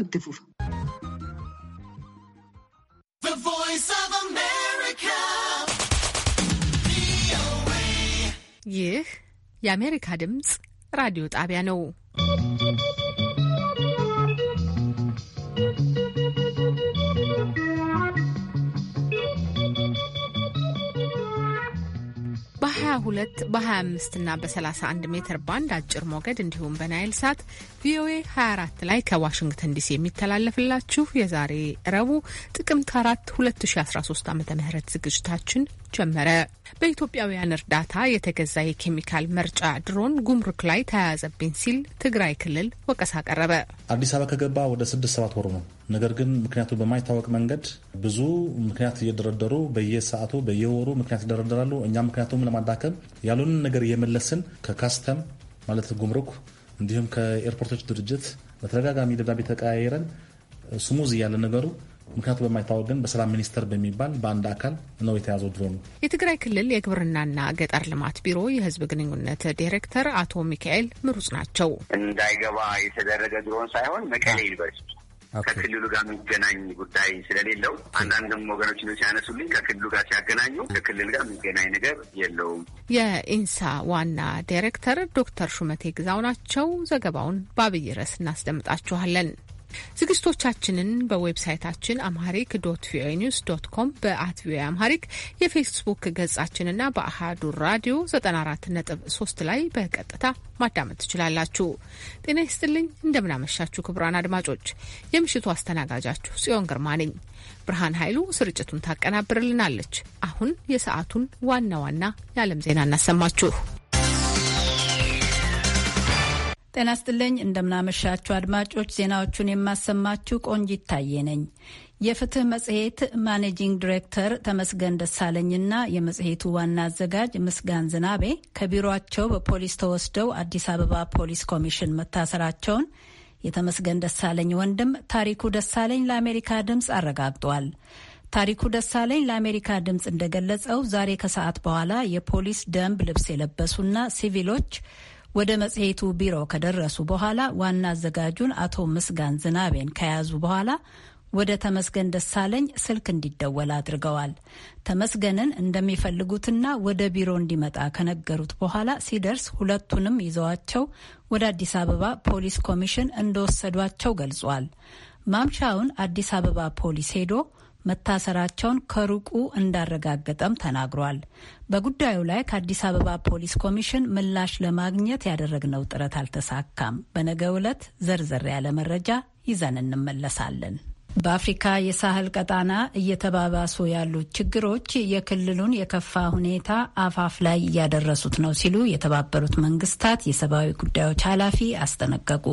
active. Voice of America. ይህ የአሜሪካ ድምፅ ራዲዮ ጣቢያ ነው። በ22 በ25 እና በ31 ሜትር ባንድ አጭር ሞገድ እንዲሁም በናይል ሳት ቪኦኤ 24 ላይ ከዋሽንግተን ዲሲ የሚተላለፍላችሁ የዛሬ ረቡዕ ጥቅምት 4 2013 ዓ ም ዝግጅታችን ጀመረ። በኢትዮጵያውያን እርዳታ የተገዛ የኬሚካል መርጫ ድሮን ጉምሩክ ላይ ተያያዘብኝ ሲል ትግራይ ክልል ወቀሳ ቀረበ። አዲስ አበባ ከገባ ወደ ስድስት ሰባት ወሩ ነው። ነገር ግን ምክንያቱ በማይታወቅ መንገድ ብዙ ምክንያት እየደረደሩ በየሰዓቱ በየወሩ ምክንያት ይደረደራሉ። እኛ ምክንያቱም ለማዳከም ያልሆንን ነገር እየመለስን ከካስተም ማለት ጉምሩክ እንዲሁም ከኤርፖርቶች ድርጅት በተደጋጋሚ ደብዳቤ ተቀያየረን ስሙዝ እያለ ነገሩ ምክንያቱ በማይታወቅ ግን በሰላም ሚኒስቴር በሚባል በአንድ አካል ነው የተያዘው ድሮኑ። የትግራይ ክልል የግብርናና ገጠር ልማት ቢሮ የህዝብ ግንኙነት ዲሬክተር አቶ ሚካኤል ምሩጽ ናቸው። እንዳይገባ የተደረገ ድሮን ሳይሆን መቀሌ ዩኒቨርሲቲ ከክልሉ ጋር የሚገናኝ ጉዳይ ስለሌለው አንዳንድም ወገኖች ነው ሲያነሱልኝ፣ ከክልሉ ጋር ሲያገናኙ ከክልል ጋር የሚገናኝ ነገር የለውም። የኢንሳ ዋና ዳይሬክተር ዶክተር ሹመቴ ግዛው ናቸው። ዘገባውን በአብይ ርዕስ እናስደምጣችኋለን። ዝግጅቶቻችንን በዌብሳይታችን አምሃሪክ ዶት ቪኦኤ ኒውስ ዶት ኮም በአት ቪኦኤ አምሃሪክ የፌስቡክ ገጻችንና በአሃዱ ራዲዮ 94.3 ላይ በቀጥታ ማዳመጥ ትችላላችሁ። ጤና ይስጥልኝ፣ እንደምናመሻችሁ ክቡራን አድማጮች፣ የምሽቱ አስተናጋጃችሁ ጽዮን ግርማ ነኝ። ብርሃን ኃይሉ ስርጭቱን ታቀናብርልናለች። አሁን የሰዓቱን ዋና ዋና የዓለም ዜና እናሰማችሁ። ጤና ስጥልኝ እንደምናመሻችሁ አድማጮች፣ ዜናዎቹን የማሰማችሁ ቆንጅ ይታየ ነኝ። የፍትህ መጽሔት ማኔጂንግ ዲሬክተር ተመስገን ደሳለኝና የመጽሔቱ ዋና አዘጋጅ ምስጋን ዝናቤ ከቢሮቸው በፖሊስ ተወስደው አዲስ አበባ ፖሊስ ኮሚሽን መታሰራቸውን የተመስገን ደሳለኝ ወንድም ታሪኩ ደሳለኝ ለአሜሪካ ድምፅ አረጋግጧል። ታሪኩ ደሳለኝ ለአሜሪካ ድምፅ እንደገለጸው ዛሬ ከሰዓት በኋላ የፖሊስ ደንብ ልብስ የለበሱና ሲቪሎች ወደ መጽሔቱ ቢሮ ከደረሱ በኋላ ዋና አዘጋጁን አቶ ምስጋን ዝናቤን ከያዙ በኋላ ወደ ተመስገን ደሳለኝ ስልክ እንዲደወል አድርገዋል። ተመስገንን እንደሚፈልጉትና ወደ ቢሮ እንዲመጣ ከነገሩት በኋላ ሲደርስ ሁለቱንም ይዘዋቸው ወደ አዲስ አበባ ፖሊስ ኮሚሽን እንደወሰዷቸው ገልጿል። ማምሻውን አዲስ አበባ ፖሊስ ሄዶ መታሰራቸውን ከሩቁ እንዳረጋገጠም ተናግሯል። በጉዳዩ ላይ ከአዲስ አበባ ፖሊስ ኮሚሽን ምላሽ ለማግኘት ያደረግነው ጥረት አልተሳካም። በነገው ዕለት ዘርዘር ያለ መረጃ ይዘን እንመለሳለን። በአፍሪካ የሳህል ቀጣና እየተባባሱ ያሉት ችግሮች የክልሉን የከፋ ሁኔታ አፋፍ ላይ እያደረሱት ነው ሲሉ የተባበሩት መንግስታት የሰብአዊ ጉዳዮች ኃላፊ አስጠነቀቁ።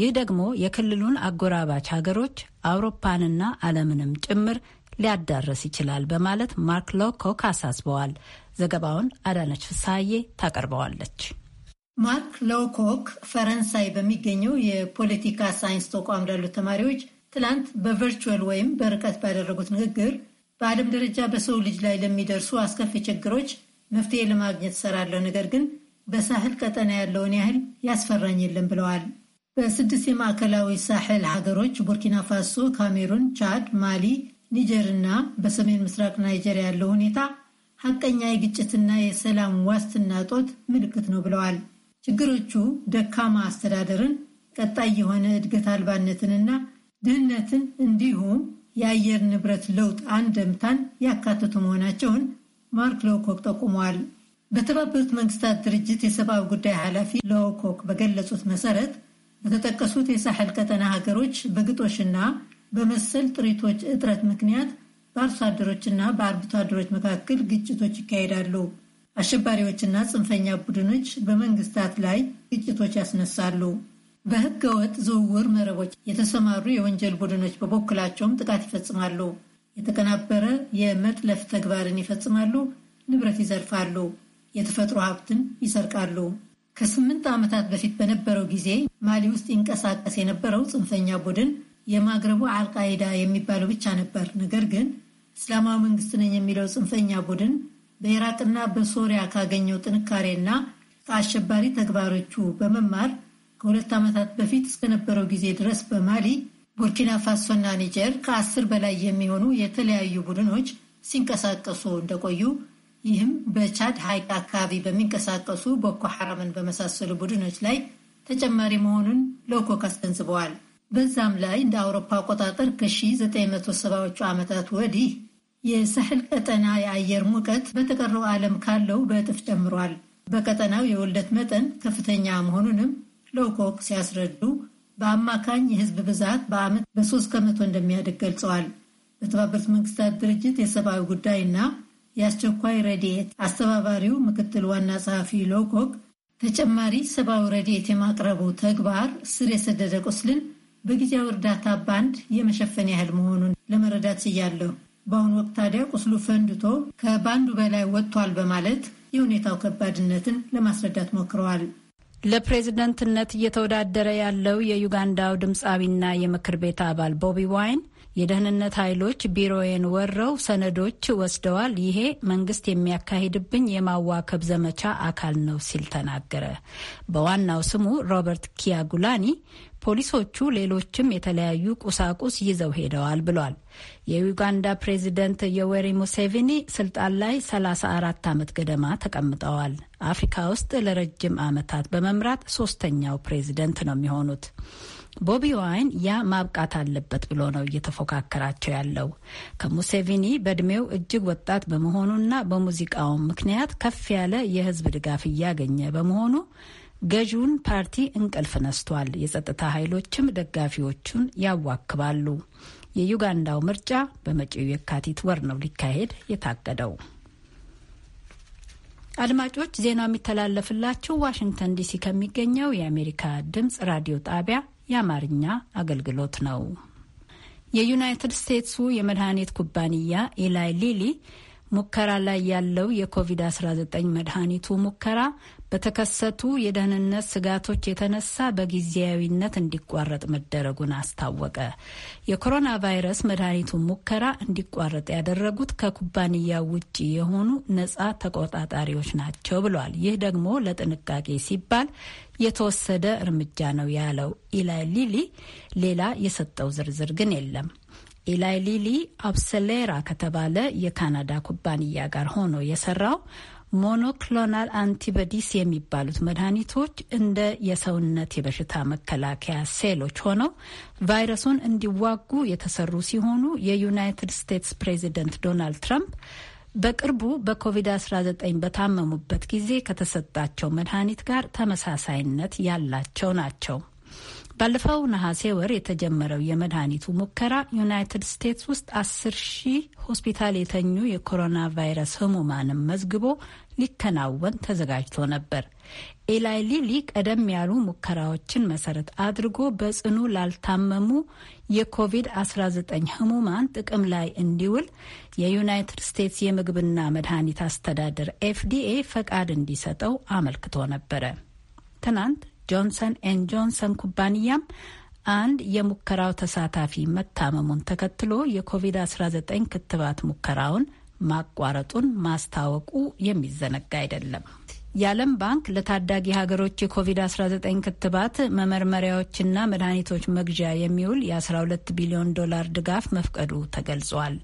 ይህ ደግሞ የክልሉን አጎራባች ሀገሮች አውሮፓንና ዓለምንም ጭምር ሊያዳረስ ይችላል በማለት ማርክ ሎኮክ አሳስበዋል። ዘገባውን አዳነች ፍሳዬ ታቀርበዋለች። ማርክ ሎኮክ ፈረንሳይ በሚገኘው የፖለቲካ ሳይንስ ተቋም ላሉ ተማሪዎች ትላንት በቨርቹዋል ወይም በርቀት ባደረጉት ንግግር በዓለም ደረጃ በሰው ልጅ ላይ ለሚደርሱ አስከፊ ችግሮች መፍትሄ ለማግኘት እሰራለሁ፣ ነገር ግን በሳህል ቀጠና ያለውን ያህል ያስፈራኝ የለም ብለዋል። በስድስት የማዕከላዊ ሳሕል ሀገሮች ቡርኪና ፋሶ፣ ካሜሩን፣ ቻድ፣ ማሊ፣ ኒጀር እና በሰሜን ምስራቅ ናይጀሪያ ያለው ሁኔታ ሀቀኛ የግጭትና የሰላም ዋስትና ጦት ምልክት ነው ብለዋል። ችግሮቹ ደካማ አስተዳደርን፣ ቀጣይ የሆነ እድገት አልባነትንና ድህነትን እንዲሁም የአየር ንብረት ለውጥ አንድምታን ያካተቱ መሆናቸውን ማርክ ሎኮክ ጠቁመዋል። በተባበሩት መንግስታት ድርጅት የሰብአዊ ጉዳይ ኃላፊ ሎኮክ በገለጹት መሰረት የተጠቀሱት የሳሕል ቀጠና ሀገሮች በግጦሽና በመሰል ጥሪቶች እጥረት ምክንያት በአርሶ አደሮችና በአርብቶ አደሮች መካከል ግጭቶች ይካሄዳሉ። አሸባሪዎችና ጽንፈኛ ቡድኖች በመንግስታት ላይ ግጭቶች ያስነሳሉ። በሕገ ወጥ ዝውውር መረቦች የተሰማሩ የወንጀል ቡድኖች በበኩላቸውም ጥቃት ይፈጽማሉ። የተቀናበረ የመጥለፍ ተግባርን ይፈጽማሉ፣ ንብረት ይዘርፋሉ፣ የተፈጥሮ ሀብትን ይሰርቃሉ። ከስምንት ዓመታት በፊት በነበረው ጊዜ ማሊ ውስጥ ይንቀሳቀስ የነበረው ጽንፈኛ ቡድን የማግረቡ አልቃይዳ የሚባለው ብቻ ነበር። ነገር ግን እስላማዊ መንግስት ነኝ የሚለው ጽንፈኛ ቡድን በኢራቅና በሶሪያ ካገኘው ጥንካሬና ከአሸባሪ ተግባሮቹ በመማር ከሁለት ዓመታት በፊት እስከነበረው ጊዜ ድረስ በማሊ፣ ቡርኪና ፋሶና ኒጀር ከአስር በላይ የሚሆኑ የተለያዩ ቡድኖች ሲንቀሳቀሱ እንደቆዩ ይህም በቻድ ሐይቅ አካባቢ በሚንቀሳቀሱ ቦኮ ሐራምን በመሳሰሉ ቡድኖች ላይ ተጨማሪ መሆኑን ሎኮክ አስገንዝበዋል። በዛም ላይ እንደ አውሮፓ አቆጣጠር ከ1970ዎቹ ዓመታት ወዲህ የሳሕል ቀጠና የአየር ሙቀት በተቀረው ዓለም ካለው በእጥፍ ጨምሯል። በቀጠናው የውልደት መጠን ከፍተኛ መሆኑንም ለውኮክ ሲያስረዱ በአማካኝ የህዝብ ብዛት በዓመት በሶስት ከመቶ እንደሚያድግ ገልጸዋል። በተባበሩት መንግስታት ድርጅት የሰብአዊ ጉዳይና የአስቸኳይ ረድኤት አስተባባሪው ምክትል ዋና ጸሐፊ ሎኮክ ተጨማሪ ሰብአዊ ረድኤት የማቅረቡ ተግባር ስር የሰደደ ቁስልን በጊዜያዊ እርዳታ ባንድ የመሸፈን ያህል መሆኑን ለመረዳት ስያለሁ። በአሁኑ ወቅት ታዲያ ቁስሉ ፈንድቶ ከባንዱ በላይ ወጥቷል በማለት የሁኔታው ከባድነትን ለማስረዳት ሞክረዋል። ለፕሬዝደንትነት እየተወዳደረ ያለው የዩጋንዳው ድምፃዊና የምክር ቤት አባል ቦቢ ዋይን የደህንነት ኃይሎች ቢሮዬን ወረው ሰነዶች ወስደዋል። ይሄ መንግስት የሚያካሂድብኝ የማዋከብ ዘመቻ አካል ነው ሲል ተናገረ። በዋናው ስሙ ሮበርት ኪያጉላኒ ፖሊሶቹ ሌሎችም የተለያዩ ቁሳቁስ ይዘው ሄደዋል ብሏል። የዩጋንዳ ፕሬዚደንት ዮዌሪ ሙሴቪኒ ስልጣን ላይ 34 ዓመት ገደማ ተቀምጠዋል። አፍሪካ ውስጥ ለረጅም ዓመታት በመምራት ሶስተኛው ፕሬዚደንት ነው የሚሆኑት። ቦቢ ዋይን ያ ማብቃት አለበት ብሎ ነው እየተፎካከራቸው ያለው። ከሙሴቪኒ በእድሜው እጅግ ወጣት በመሆኑና በሙዚቃውም ምክንያት ከፍ ያለ የህዝብ ድጋፍ እያገኘ በመሆኑ ገዢውን ፓርቲ እንቅልፍ ነስቷል። የጸጥታ ኃይሎችም ደጋፊዎቹን ያዋክባሉ። የዩጋንዳው ምርጫ በመጪው የካቲት ወር ነው ሊካሄድ የታቀደው። አድማጮች ዜናው የሚተላለፍላችሁ ዋሽንግተን ዲሲ ከሚገኘው የአሜሪካ ድምጽ ራዲዮ ጣቢያ የአማርኛ አገልግሎት ነው። የዩናይትድ ስቴትሱ የመድኃኒት ኩባንያ ኢላይ ሊሊ ሙከራ ላይ ያለው የኮቪድ-19 መድኃኒቱ ሙከራ በተከሰቱ የደህንነት ስጋቶች የተነሳ በጊዜያዊነት እንዲቋረጥ መደረጉን አስታወቀ። የኮሮና ቫይረስ መድኃኒቱ ሙከራ እንዲቋረጥ ያደረጉት ከኩባንያው ውጭ የሆኑ ነጻ ተቆጣጣሪዎች ናቸው ብሏል። ይህ ደግሞ ለጥንቃቄ ሲባል የተወሰደ እርምጃ ነው ያለው ኢላይ ሊሊ፣ ሌላ የሰጠው ዝርዝር ግን የለም። ኢላይ ሊሊ አብሰሌራ ከተባለ የካናዳ ኩባንያ ጋር ሆኖ የሰራው ሞኖክሎናል አንቲበዲስ የሚባሉት መድኃኒቶች እንደ የሰውነት የበሽታ መከላከያ ሴሎች ሆነው ቫይረሱን እንዲዋጉ የተሰሩ ሲሆኑ የዩናይትድ ስቴትስ ፕሬዚደንት ዶናልድ ትራምፕ በቅርቡ በኮቪድ-19 በታመሙበት ጊዜ ከተሰጣቸው መድኃኒት ጋር ተመሳሳይነት ያላቸው ናቸው። ባለፈው ነሐሴ ወር የተጀመረው የመድኃኒቱ ሙከራ ዩናይትድ ስቴትስ ውስጥ አስር ሺህ ሆስፒታል የተኙ የኮሮና ቫይረስ ህሙማንም መዝግቦ ሊከናወን ተዘጋጅቶ ነበር። ኤላይ ሊሊ ቀደም ያሉ ሙከራዎችን መሰረት አድርጎ በጽኑ ላልታመሙ የኮቪድ-19 ህሙማን ጥቅም ላይ እንዲውል የዩናይትድ ስቴትስ የምግብና መድኃኒት አስተዳደር ኤፍዲኤ ፈቃድ እንዲሰጠው አመልክቶ ነበረ። ትናንት ጆንሰን ኤን ጆንሰን ኩባንያም አንድ የሙከራው ተሳታፊ መታመሙን ተከትሎ የኮቪድ-19 ክትባት ሙከራውን ማቋረጡን ማስታወቁ የሚዘነጋ አይደለም። የዓለም ባንክ ለታዳጊ ሀገሮች የኮቪድ-19 ክትባት መመርመሪያዎችና መድኃኒቶች መግዣ የሚውል የ12 ቢሊዮን ዶላር ድጋፍ መፍቀዱ ተገልጿል።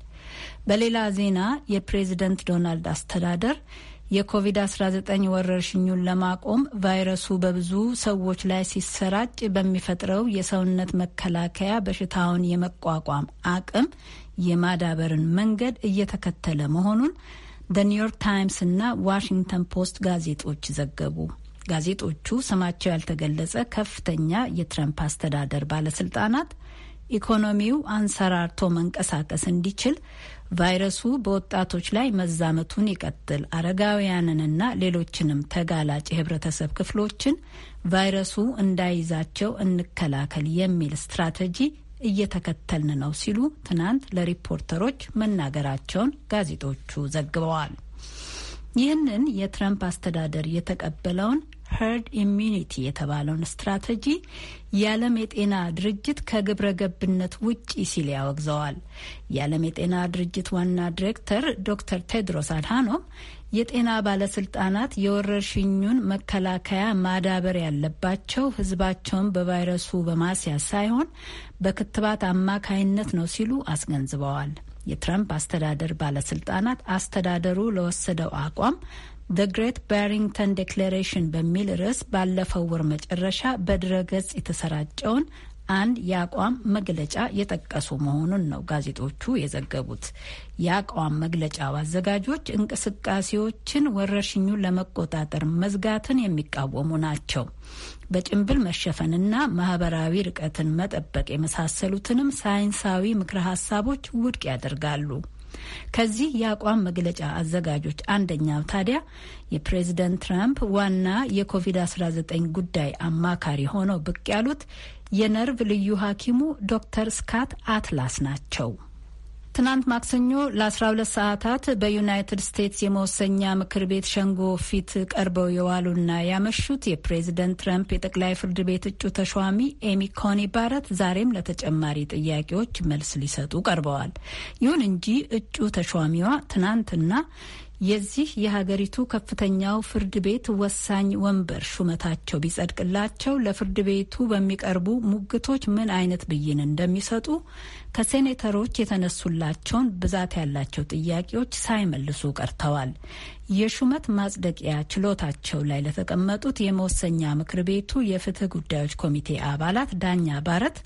በሌላ ዜና የፕሬዝደንት ዶናልድ አስተዳደር የኮቪድ-19 ወረርሽኙን ለማቆም ቫይረሱ በብዙ ሰዎች ላይ ሲሰራጭ በሚፈጥረው የሰውነት መከላከያ በሽታውን የመቋቋም አቅም የማዳበርን መንገድ እየተከተለ መሆኑን ደ ኒውዮርክ ታይምስ እና ዋሽንግተን ፖስት ጋዜጦች ዘገቡ። ጋዜጦቹ ስማቸው ያልተገለጸ ከፍተኛ የትረምፕ አስተዳደር ባለስልጣናት ኢኮኖሚው አንሰራርቶ መንቀሳቀስ እንዲችል ቫይረሱ በወጣቶች ላይ መዛመቱን ይቀጥል፣ አረጋውያንንና ሌሎችንም ተጋላጭ የህብረተሰብ ክፍሎችን ቫይረሱ እንዳይዛቸው እንከላከል የሚል ስትራቴጂ እየተከተልን ነው ሲሉ ትናንት ለሪፖርተሮች መናገራቸውን ጋዜጦቹ ዘግበዋል። ይህንን የትረምፕ አስተዳደር የተቀበለውን ሄርድ ኢሚኒቲ የተባለውን ስትራቴጂ የዓለም የጤና ድርጅት ከግብረ ገብነት ውጪ ሲል ያወግዘዋል። የዓለም የጤና ድርጅት ዋና ዲሬክተር ዶክተር ቴድሮስ አድሃኖም የጤና ባለስልጣናት የወረርሽኙን መከላከያ ማዳበር ያለባቸው ህዝባቸውን በቫይረሱ በማስያዝ ሳይሆን በክትባት አማካይነት ነው ሲሉ አስገንዝበዋል። የትራምፕ አስተዳደር ባለስልጣናት አስተዳደሩ ለወሰደው አቋም ዘ ግሬት ባሪንግተን ዴክሌሬሽን በሚል ርዕስ ባለፈው ወር መጨረሻ በድረገጽ የተሰራጨውን አንድ የአቋም መግለጫ የጠቀሱ መሆኑን ነው ጋዜጦቹ የዘገቡት። የአቋም መግለጫው አዘጋጆች እንቅስቃሴዎችን ወረርሽኙን ለመቆጣጠር መዝጋትን የሚቃወሙ ናቸው። በጭንብል መሸፈንና ማህበራዊ ርቀትን መጠበቅ የመሳሰሉትንም ሳይንሳዊ ምክረ ሀሳቦች ውድቅ ያደርጋሉ። ከዚህ የአቋም መግለጫ አዘጋጆች አንደኛው ታዲያ የፕሬዝደንት ትራምፕ ዋና የኮቪድ-19 ጉዳይ አማካሪ ሆነው ብቅ ያሉት የነርቭ ልዩ ሐኪሙ ዶክተር ስካት አትላስ ናቸው። ትናንት ማክሰኞ ለ12 ሰዓታት በዩናይትድ ስቴትስ የመወሰኛ ምክር ቤት ሸንጎ ፊት ቀርበው የዋሉና ያመሹት የፕሬዝደንት ትራምፕ የጠቅላይ ፍርድ ቤት እጩ ተሿሚ ኤሚ ኮኒ ባረት ዛሬም ለተጨማሪ ጥያቄዎች መልስ ሊሰጡ ቀርበዋል። ይሁን እንጂ እጩ ተሿሚዋ ትናንትና የዚህ የሀገሪቱ ከፍተኛው ፍርድ ቤት ወሳኝ ወንበር ሹመታቸው ቢጸድቅላቸው ለፍርድ ቤቱ በሚቀርቡ ሙግቶች ምን አይነት ብይን እንደሚሰጡ ከሴኔተሮች የተነሱላቸውን ብዛት ያላቸው ጥያቄዎች ሳይመልሱ ቀርተዋል። የሹመት ማጽደቂያ ችሎታቸው ላይ ለተቀመጡት የመወሰኛ ምክር ቤቱ የፍትህ ጉዳዮች ኮሚቴ አባላት ዳኛ ባረት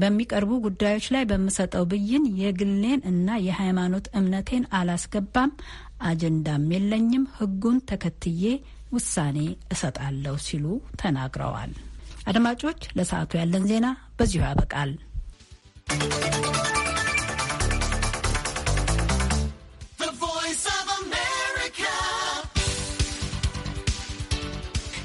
በሚቀርቡ ጉዳዮች ላይ በምሰጠው ብይን የግሌን እና የሃይማኖት እምነቴን አላስገባም አጀንዳም የለኝም፣ ህጉን ተከትዬ ውሳኔ እሰጣለሁ ሲሉ ተናግረዋል። አድማጮች፣ ለሰዓቱ ያለን ዜና በዚሁ ያበቃል።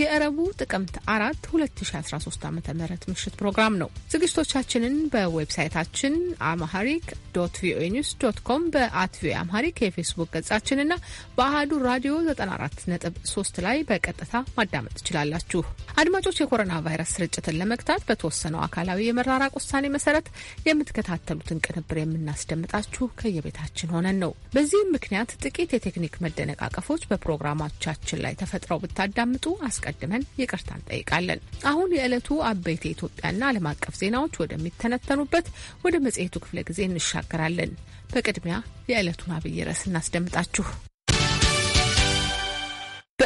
የእረቡ ጥቅምት አራት 2013 ዓ ም ምሽት ፕሮግራም ነው። ዝግጅቶቻችንን በዌብሳይታችን አማሐሪክ ዶት ቪኦኤ ኒውስ ዶት ኮም በአት ቪኦኤ አማሃሪክ የፌስቡክ ገጻችንና በአህዱ ራዲዮ 94.3 ላይ በቀጥታ ማዳመጥ ትችላላችሁ። አድማጮች፣ የኮሮና ቫይረስ ስርጭትን ለመግታት በተወሰነው አካላዊ የመራራቅ ውሳኔ መሰረት የምትከታተሉትን ቅንብር የምናስደምጣችሁ ከየቤታችን ሆነን ነው። በዚህም ምክንያት ጥቂት የቴክኒክ መደነቃቀፎች በፕሮግራሞቻችን ላይ ተፈጥረው ብታዳምጡ አስ አስቀድመን ይቅርታ እንጠይቃለን። አሁን የዕለቱ አበይት የኢትዮጵያና ዓለም አቀፍ ዜናዎች ወደሚተነተኑበት ወደ መጽሔቱ ክፍለ ጊዜ እንሻገራለን። በቅድሚያ የዕለቱን አብይ ርዕስ እናስደምጣችሁ።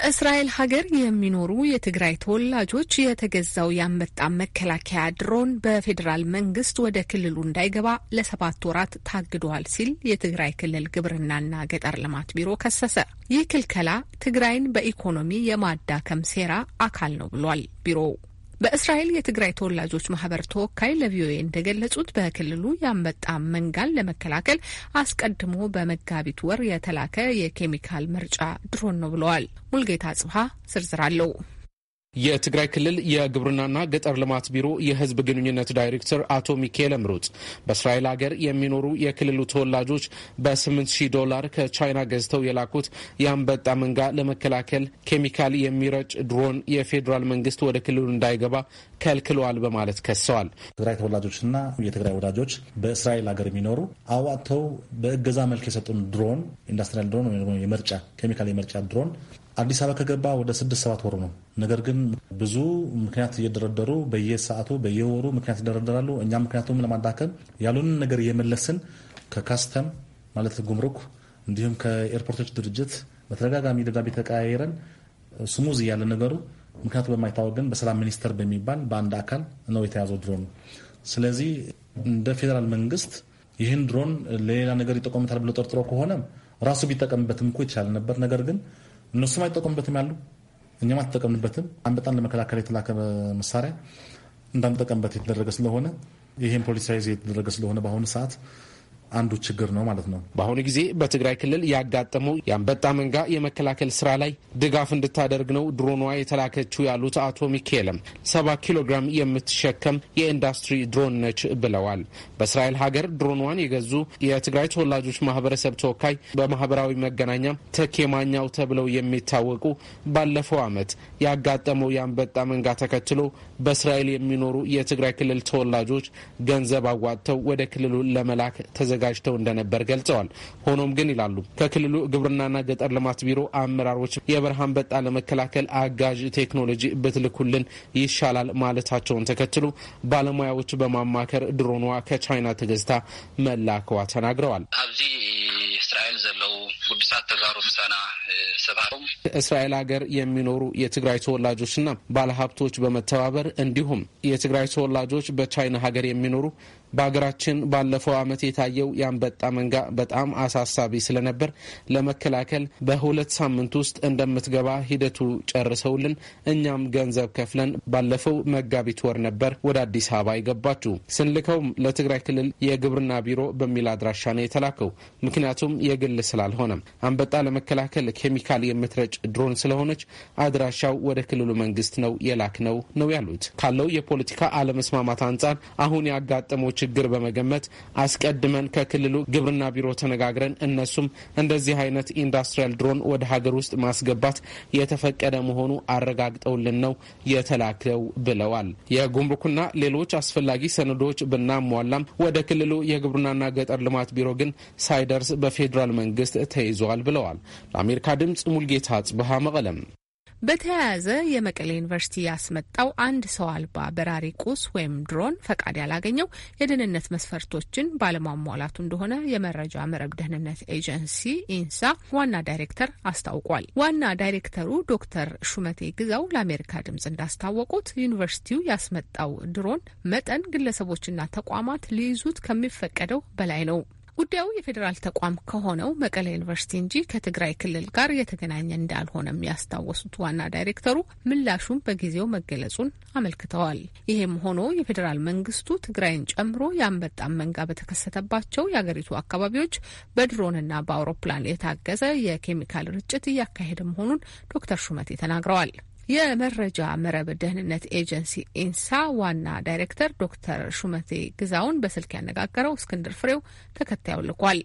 በእስራኤል ሀገር የሚኖሩ የትግራይ ተወላጆች የተገዛው የአንበጣ መከላከያ ድሮን በፌዴራል መንግስት ወደ ክልሉ እንዳይገባ ለሰባት ወራት ታግዷል ሲል የትግራይ ክልል ግብርናና ገጠር ልማት ቢሮ ከሰሰ። ይህ ክልከላ ትግራይን በኢኮኖሚ የማዳከም ሴራ አካል ነው ብሏል ቢሮው። በእስራኤል የትግራይ ተወላጆች ማህበር ተወካይ ለቪኦኤ እንደገለጹት በክልሉ የአንበጣ መንጋን ለመከላከል አስቀድሞ በመጋቢት ወር የተላከ የኬሚካል መርጫ ድሮን ነው ብለዋል። ሙልጌታ ጽብሀ ዝርዝር አለው። የትግራይ ክልል የግብርናና ገጠር ልማት ቢሮ የህዝብ ግንኙነት ዳይሬክተር አቶ ሚካኤል ምሩጥ በእስራኤል ሀገር የሚኖሩ የክልሉ ተወላጆች በ8000 ዶላር ከቻይና ገዝተው የላኩት የአንበጣ መንጋ ለመከላከል ኬሚካል የሚረጭ ድሮን የፌዴራል መንግስት ወደ ክልሉ እንዳይገባ ከልክለዋል በማለት ከሰዋል። ትግራይ ተወላጆችና የትግራይ ወዳጆች በእስራኤል ሀገር የሚኖሩ አዋጥተው በእገዛ መልክ የሰጡን ድሮን ኢንዱስትሪያል ድሮን ወይ የመርጫ ኬሚካል የመርጫ ድሮን አዲስ አበባ ከገባ ወደ ስድስት ሰባት ወሩ ነው። ነገር ግን ብዙ ምክንያት እየደረደሩ በየሰዓቱ በየወሩ ምክንያት ይደረደራሉ። እኛ ምክንያቱም ለማዳከም ያሉንን ነገር እየመለስን ከካስተም ማለት ጉምሩክ እንዲሁም ከኤርፖርቶች ድርጅት በተደጋጋሚ ደብዳቤ ተቀያየረን ስሙዝ እያለ ነገሩ ምክንያቱ በማይታወቅ ግን በሰላም ሚኒስቴር በሚባል በአንድ አካል ነው የተያዘው ድሮኑ። ስለዚህ እንደ ፌዴራል መንግስት ይህን ድሮን ለሌላ ነገር ይጠቆምታል ብሎ ጠርጥሮ ከሆነ ራሱ ቢጠቀምበትም እኮ ይቻል ነበር። ነገር ግን እነሱም አይጠቀሙበትም ያሉ እኛም አልተጠቀምንበትም። አንበጣን ለመከላከል የተላከ መሳሪያ እንዳንጠቀምበት የተደረገ ስለሆነ ይህም ፖሊሳይዝ የተደረገ ስለሆነ በአሁኑ ሰዓት አንዱ ችግር ነው ማለት ነው። በአሁኑ ጊዜ በትግራይ ክልል ያጋጠመው የአንበጣ መንጋ የመከላከል ስራ ላይ ድጋፍ እንድታደርግ ነው ድሮኗ የተላከችው ያሉት አቶ ሚካኤልም ሰባ ኪሎ ግራም የምትሸከም የኢንዱስትሪ ድሮን ነች ብለዋል። በእስራኤል ሀገር ድሮኗን የገዙ የትግራይ ተወላጆች ማህበረሰብ ተወካይ በማህበራዊ መገናኛ ተኬማኛው ተብለው የሚታወቁ ባለፈው ዓመት ያጋጠመው የአንበጣ መንጋ ተከትሎ በእስራኤል የሚኖሩ የትግራይ ክልል ተወላጆች ገንዘብ አዋጥተው ወደ ክልሉ ለመላክ ተዘ ተዘጋጅተው እንደነበር ገልጸዋል። ሆኖም ግን ይላሉ ከክልሉ ግብርናና ገጠር ልማት ቢሮ አመራሮች የበረሃ አንበጣ ለመከላከል አጋዥ ቴክኖሎጂ ብትልኩልን ይሻላል ማለታቸውን ተከትሎ ባለሙያዎች በማማከር ድሮኗ ከቻይና ተገዝታ መላከዋ ተናግረዋል። እስራኤል ሀገር የሚኖሩ የትግራይ ተወላጆችና ባለሀብቶች በመተባበር እንዲሁም የትግራይ ተወላጆች በቻይና ሀገር የሚኖሩ በሀገራችን ባለፈው ዓመት የታየው የአንበጣ መንጋ በጣም አሳሳቢ ስለነበር ለመከላከል በሁለት ሳምንት ውስጥ እንደምትገባ ሂደቱ ጨርሰውልን እኛም ገንዘብ ከፍለን ባለፈው መጋቢት ወር ነበር ወደ አዲስ አበባ የገባችሁ። ስንልከውም ለትግራይ ክልል የግብርና ቢሮ በሚል አድራሻ ነው የተላከው። ምክንያቱም የግል ስላልሆነም አንበጣ ለመከላከል ኬሚካል የምትረጭ ድሮን ስለሆነች አድራሻው ወደ ክልሉ መንግስት ነው የላክ ነው ነው ያሉት። ካለው የፖለቲካ አለመስማማት አንጻር አሁን ያጋጠመው ችግር በመገመት አስቀድመን ከክልሉ ግብርና ቢሮ ተነጋግረን እነሱም እንደዚህ አይነት ኢንዳስትሪያል ድሮን ወደ ሀገር ውስጥ ማስገባት የተፈቀደ መሆኑ አረጋግጠውልን ነው የተላከው ብለዋል። የጉምሩክና ሌሎች አስፈላጊ ሰነዶች ብናሟላም ወደ ክልሉ የግብርናና ገጠር ልማት ቢሮ ግን ሳይደርስ በፌዴራል መንግስት ተይዘዋል ብለዋል። ለአሜሪካ ድምፅ ሙልጌታ ጽብሃ መቀለም በተያያዘ የመቀሌ ዩኒቨርሲቲ ያስመጣው አንድ ሰው አልባ በራሪ ቁስ ወይም ድሮን ፈቃድ ያላገኘው የደህንነት መስፈርቶችን ባለማሟላቱ እንደሆነ የመረጃ መረብ ደህንነት ኤጀንሲ ኢንሳ ዋና ዳይሬክተር አስታውቋል። ዋና ዳይሬክተሩ ዶክተር ሹመቴ ግዛው ለአሜሪካ ድምጽ እንዳስታወቁት ዩኒቨርሲቲው ያስመጣው ድሮን መጠን ግለሰቦችና ተቋማት ሊይዙት ከሚፈቀደው በላይ ነው። ጉዳዩ የፌዴራል ተቋም ከሆነው መቀሌ ዩኒቨርሲቲ እንጂ ከትግራይ ክልል ጋር የተገናኘ እንዳልሆነም ያስታወሱት ዋና ዳይሬክተሩ ምላሹም በጊዜው መገለጹን አመልክተዋል። ይህም ሆኖ የፌዴራል መንግስቱ ትግራይን ጨምሮ የአንበጣ መንጋ በተከሰተባቸው የአገሪቱ አካባቢዎች በድሮንና በአውሮፕላን የታገዘ የኬሚካል ርጭት እያካሄደ መሆኑን ዶክተር ሹመቴ ተናግረዋል። የመረጃ መረብ ደህንነት ኤጀንሲ ኢንሳ ዋና ዳይሬክተር ዶክተር ሹመቴ ግዛውን በስልክ ያነጋገረው እስክንድር ፍሬው ተከታዩ ልኳል።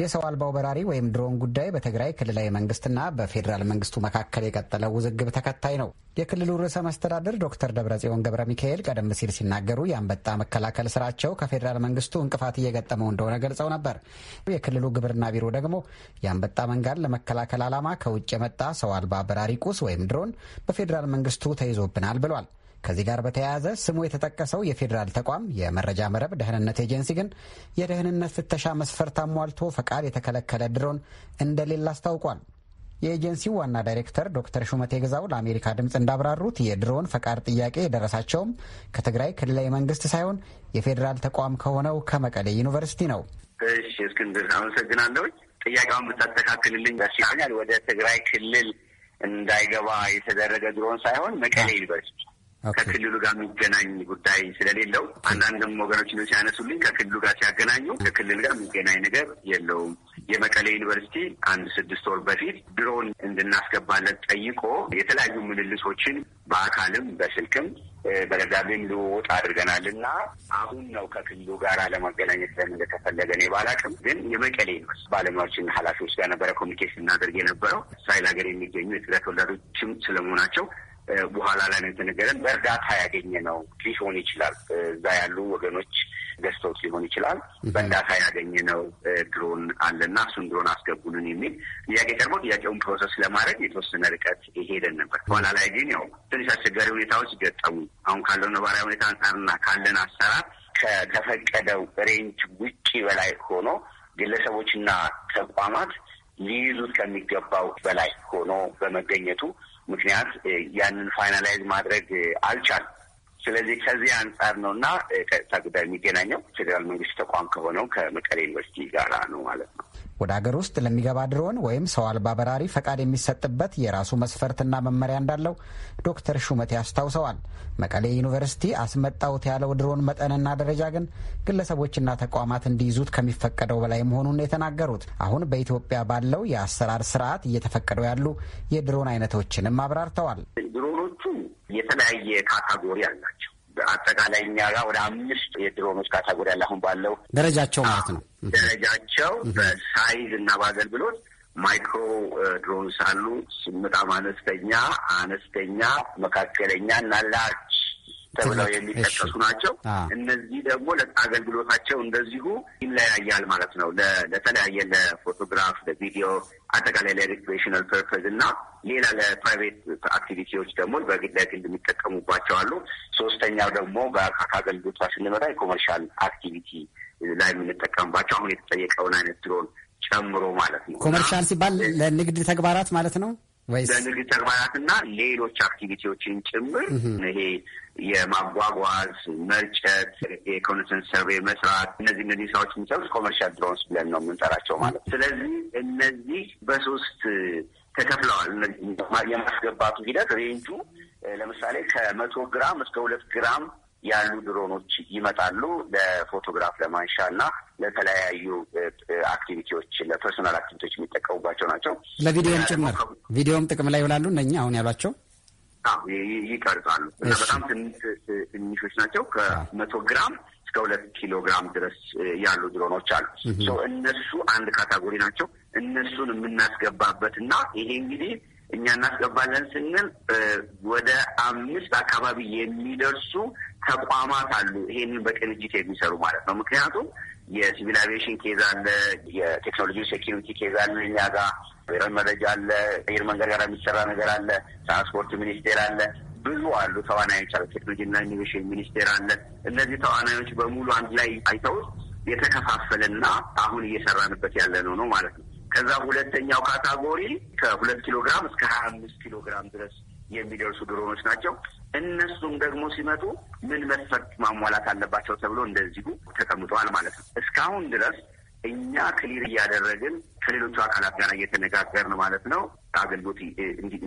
የሰው አልባው በራሪ ወይም ድሮን ጉዳይ በትግራይ ክልላዊ መንግስትና በፌዴራል መንግስቱ መካከል የቀጠለው ውዝግብ ተከታይ ነው። የክልሉ ርዕሰ መስተዳድር ዶክተር ደብረጽዮን ገብረ ሚካኤል ቀደም ሲል ሲናገሩ የአንበጣ መከላከል ስራቸው ከፌዴራል መንግስቱ እንቅፋት እየገጠመው እንደሆነ ገልጸው ነበር። የክልሉ ግብርና ቢሮ ደግሞ የአንበጣ መንጋን ለመከላከል ዓላማ ከውጭ የመጣ ሰው አልባ በራሪ ቁስ ወይም ድሮን በፌዴራል መንግስቱ ተይዞብናል ብሏል። ከዚህ ጋር በተያያዘ ስሙ የተጠቀሰው የፌዴራል ተቋም የመረጃ መረብ ደህንነት ኤጀንሲ ግን የደህንነት ፍተሻ መስፈርት አሟልቶ ፈቃድ የተከለከለ ድሮን እንደሌለ አስታውቋል። የኤጀንሲው ዋና ዳይሬክተር ዶክተር ሹመቴ ግዛው ለአሜሪካ ድምፅ እንዳብራሩት የድሮን ፈቃድ ጥያቄ የደረሳቸውም ከትግራይ ክልላዊ መንግስት ሳይሆን የፌዴራል ተቋም ከሆነው ከመቀሌ ዩኒቨርሲቲ ነው። እሺ እስክንድር አመሰግናለሁ። ጥያቄውን ብታስተካክልልኝ ደስ ይለኛል። ወደ ትግራይ ክልል እንዳይገባ የተደረገ ድሮን ሳይሆን መቀሌ ዩኒቨርሲቲ ከክልሉ ጋር የሚገናኝ ጉዳይ ስለሌለው አንዳንድም ወገኖች ነው ሲያነሱልኝ፣ ከክልሉ ጋር ሲያገናኙ ከክልል ጋር የሚገናኝ ነገር የለውም። የመቀሌ ዩኒቨርሲቲ አንድ ስድስት ወር በፊት ድሮን እንድናስገባለት ጠይቆ የተለያዩ ምልልሶችን በአካልም በስልክም በደብዳቤም ልውውጥ አድርገናል እና አሁን ነው ከክልሉ ጋር ለማገናኘት ለምን እንደተፈለገ እኔ ባላቅም፣ ግን የመቀሌ ዩኒቨርሲቲ ባለሙያዎችና ኃላፊዎች ጋር ነበረ ኮሚኒኬሽን እናደርግ የነበረው። እስራኤል ሀገር የሚገኙ የትግራይ ተወላጆችም ስለመሆናቸው በኋላ ላይ ነው የተነገረን። በእርዳታ ያገኘ ነው ሊሆን ይችላል። እዛ ያሉ ወገኖች ገዝተውት ሊሆን ይችላል። በእርዳታ ያገኘ ነው ድሮን አለና እሱን ድሮን አስገቡንን የሚል ጥያቄ ቀርቦ ጥያቄውን ፕሮሰስ ለማድረግ የተወሰነ ርቀት ይሄደን ነበር። በኋላ ላይ ግን ያው ትንሽ አስቸጋሪ ሁኔታዎች ገጠሙ። አሁን ካለው ነባራዊ ሁኔታ አንጻርና ካለን አሰራር ከተፈቀደው ሬንጅ ውጪ በላይ ሆኖ ግለሰቦችና ተቋማት ሊይዙት ከሚገባው በላይ ሆኖ በመገኘቱ ምክንያት ያንን ፋይናላይዝ ማድረግ አልቻል። ስለዚህ ከዚህ አንጻር ነው እና ቀጥታ ጉዳይ የሚገናኘው ፌዴራል መንግስት ተቋም ከሆነው ከመቀሌ ዩኒቨርሲቲ ጋር ነው ማለት ነው። ወደ አገር ውስጥ ለሚገባ ድሮን ወይም ሰው አልባ በራሪ ፈቃድ የሚሰጥበት የራሱ መስፈርትና መመሪያ እንዳለው ዶክተር ሹመቴ አስታውሰዋል። መቀሌ ዩኒቨርሲቲ አስመጣውት ያለው ድሮን መጠንና ደረጃ ግን ግለሰቦችና ተቋማት እንዲይዙት ከሚፈቀደው በላይ መሆኑን የተናገሩት አሁን በኢትዮጵያ ባለው የአሰራር ስርዓት እየተፈቀደው ያሉ የድሮን አይነቶችንም አብራርተዋል። ድሮኖቹ የተለያየ ካታጎሪ አላቸው። አጠቃላይ እኛ ጋር ወደ አምስት የድሮኖች ካታጎሪ ያለ አሁን ባለው ደረጃቸው ማለት ነው። ደረጃቸው በሳይዝ እና በአገልግሎት ማይክሮ ድሮንስ አሉ። በጣም አነስተኛ፣ አነስተኛ፣ መካከለኛ እና ላርጅ ተብለው የሚጠቀሱ ናቸው። እነዚህ ደግሞ አገልግሎታቸው እንደዚሁ ይለያያል ማለት ነው። ለተለያየ ለፎቶግራፍ፣ ለቪዲዮ አጠቃላይ ለሪክሬሽናል ፐርፐዝ እና ሌላ ለፕራይቬት አክቲቪቲዎች ደግሞ በግለግል የሚጠቀሙባቸው አሉ። ሶስተኛው ደግሞ ከአገልግሎቷ ስንመጣ የኮመርሻል አክቲቪቲ ላይ የምንጠቀምባቸው አሁን የተጠየቀውን አይነት ድሮን ጨምሮ ማለት ነው። ኮመርሻል ሲባል ለንግድ ተግባራት ማለት ነው። ለንግድ ተግባራትና ሌሎች አክቲቪቲዎችን ጭምር ይሄ የማጓጓዝ፣ መርጨት፣ የኮንሰንስ ሰርቬ መስራት እነዚህ እነዚህ ስራዎች የሚሰሩት ኮመርሻል ድሮንስ ብለን ነው የምንጠራቸው ማለት ነው። ስለዚህ እነዚህ በሶስት ተከፍለዋል። የማስገባቱ ሂደት ሬንጁ ለምሳሌ ከመቶ ግራም እስከ ሁለት ግራም ያሉ ድሮኖች ይመጣሉ ለፎቶግራፍ ለማንሻ እና ለተለያዩ አክቲቪቲዎች ለፐርሶናል አክቲቪቲዎች የሚጠቀሙባቸው ናቸው። ለቪዲዮም ጭምር ቪዲዮም ጥቅም ላይ ይውላሉ እነኛ አሁን ያሏቸው ይቀርጻሉ እና በጣም ትንሾች ናቸው። ከመቶ ግራም እስከ ሁለት ኪሎ ግራም ድረስ ያሉ ድሮኖች አሉ። እነሱ አንድ ካታጎሪ ናቸው። እነሱን የምናስገባበት እና ይሄ እንግዲህ እኛ እናስገባለን ስንል ወደ አምስት አካባቢ የሚደርሱ ተቋማት አሉ፣ ይሄንን በቅንጅት የሚሰሩ ማለት ነው። ምክንያቱም የሲቪል አቪዬሽን ኬዝ አለ፣ የቴክኖሎጂ ሴኪሪቲ ኬዝ አለ እኛ ጋር ብሔራዊ መረጃ አለ፣ አየር መንገድ ጋር የሚሰራ ነገር አለ፣ ትራንስፖርት ሚኒስቴር አለ፣ ብዙ አሉ ተዋናዮች አሉ፣ ቴክኖሎጂና ኢኖቬሽን ሚኒስቴር አለ። እነዚህ ተዋናዮች በሙሉ አንድ ላይ አይተው የተከፋፈለና አሁን እየሰራንበት ያለ ነው ነው ማለት ነው። ከዛ ሁለተኛው ካታጎሪ ከሁለት ኪሎ ግራም እስከ ሀያ አምስት ኪሎ ግራም ድረስ የሚደርሱ ድሮኖች ናቸው። እነሱም ደግሞ ሲመጡ ምን መስፈርት ማሟላት አለባቸው ተብሎ እንደዚሁ ተቀምጠዋል ማለት ነው። እስካሁን ድረስ እኛ ክሊር እያደረግን ከሌሎቹ አካላት ጋር እየተነጋገርን ማለት ነው አገልግሎት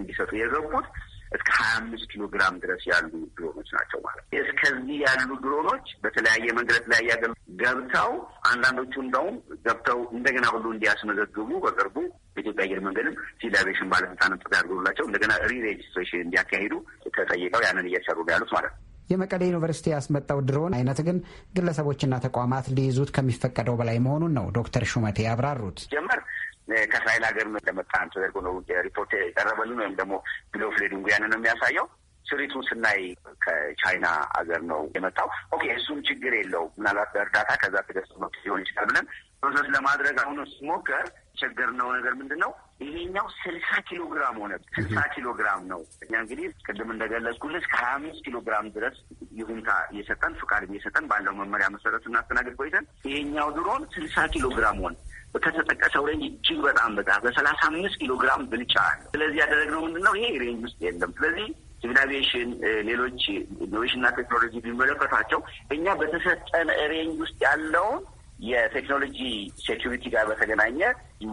እንዲሰጡ የገቡት እስከ ሀያ አምስት ኪሎ ግራም ድረስ ያሉ ድሮኖች ናቸው ማለት ነው። እስከዚህ ያሉ ድሮኖች በተለያየ መንገድ ተለያየ ያገሉ ገብተው አንዳንዶቹ እንደውም ገብተው እንደገና ሁሉ እንዲያስመዘግቡ በቅርቡ በኢትዮጵያ አየር መንገድም ሲቪል አቪዬሽን ባለስልጣን ጥሪ አድርጎላቸው እንደገና ሪሬጅስትሬሽን እንዲያካሂዱ ተጠይቀው ያንን እየሰሩ ያሉት ማለት ነው። የመቀሌ ዩኒቨርሲቲ ያስመጣው ድሮን አይነት ግን ግለሰቦችና ተቋማት ሊይዙት ከሚፈቀደው በላይ መሆኑን ነው ዶክተር ሹመቴ ያብራሩት። ጀመር ከእስራኤል ሀገር ለመጣ ተደርጎ ነው ሪፖርት የቀረበልን ወይም ደግሞ ቢል ኦፍ ያንን ነው የሚያሳየው። ስሪቱን ስናይ ከቻይና ሀገር ነው የመጣው። ኦኬ እሱም ችግር የለው ምናልባት በእርዳታ ከዛ ተገዝቶ መብት ሊሆን ይችላል ብለን ፕሮሰስ ለማድረግ አሁን ስሞከር ነው ነገር ምንድን ነው ይሄኛው ስልሳ ኪሎ ግራም ሆነ። ስልሳ ኪሎ ግራም ነው። እኛ እንግዲህ ቅድም እንደገለጽኩልሽ እስከ አምስት ኪሎ ግራም ድረስ ይሁንታ እየሰጠን ፍቃድ እየሰጠን ባለው መመሪያ መሰረት እናስተናግድ ቆይተን ይሄኛው ድሮን ስልሳ ኪሎ ግራም ሆነ። ከተጠቀሰው ሬንጅ እጅግ በጣም በጣም በሰላሳ አምስት ኪሎ ግራም ብልጫ አለ። ስለዚህ ያደረግነው ምንድን ነው? ይሄ ሬንጅ ውስጥ የለም። ስለዚህ ሲቪል አቪዬሽን ሌሎች ኢኖቬሽንና ቴክኖሎጂ ቢመለከቷቸው እኛ በተሰጠን ሬንጅ ውስጥ ያለውን የቴክኖሎጂ ሴኪሪቲ ጋር በተገናኘ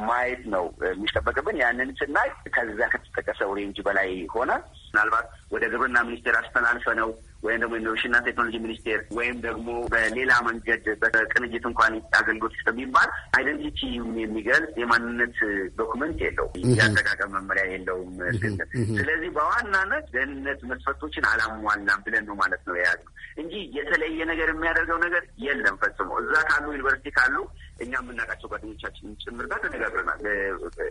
ማየት ነው የሚጠበቅብን። ያንን ስናይ ከዛ ከተጠቀሰው ሬንጅ በላይ ሆነ ምናልባት ወደ ግብርና ሚኒስቴር አስተላልፈ ነው ወይም ደግሞ ኢኖቬሽንና ቴክኖሎጂ ሚኒስቴር ወይም ደግሞ በሌላ መንገድ በቅንጅት እንኳን አገልግሎት ይስጥ የሚባል አይደንቲቲ የሚገልጽ የማንነት ዶኩመንት የለው፣ የአጠቃቀም መመሪያ የለውም። ስለዚህ በዋናነት ደህንነት መስፈቶችን አላሟላም ብለን ነው ማለት ነው የያዝነው እንጂ የተለየ ነገር የሚያደርገው ነገር የለም ፈጽሞ። እዛ ካሉ ዩኒቨርሲቲ ካሉ እኛ የምናውቃቸው ጓደኞቻችን ጭምር ጋር ተነጋግረናል።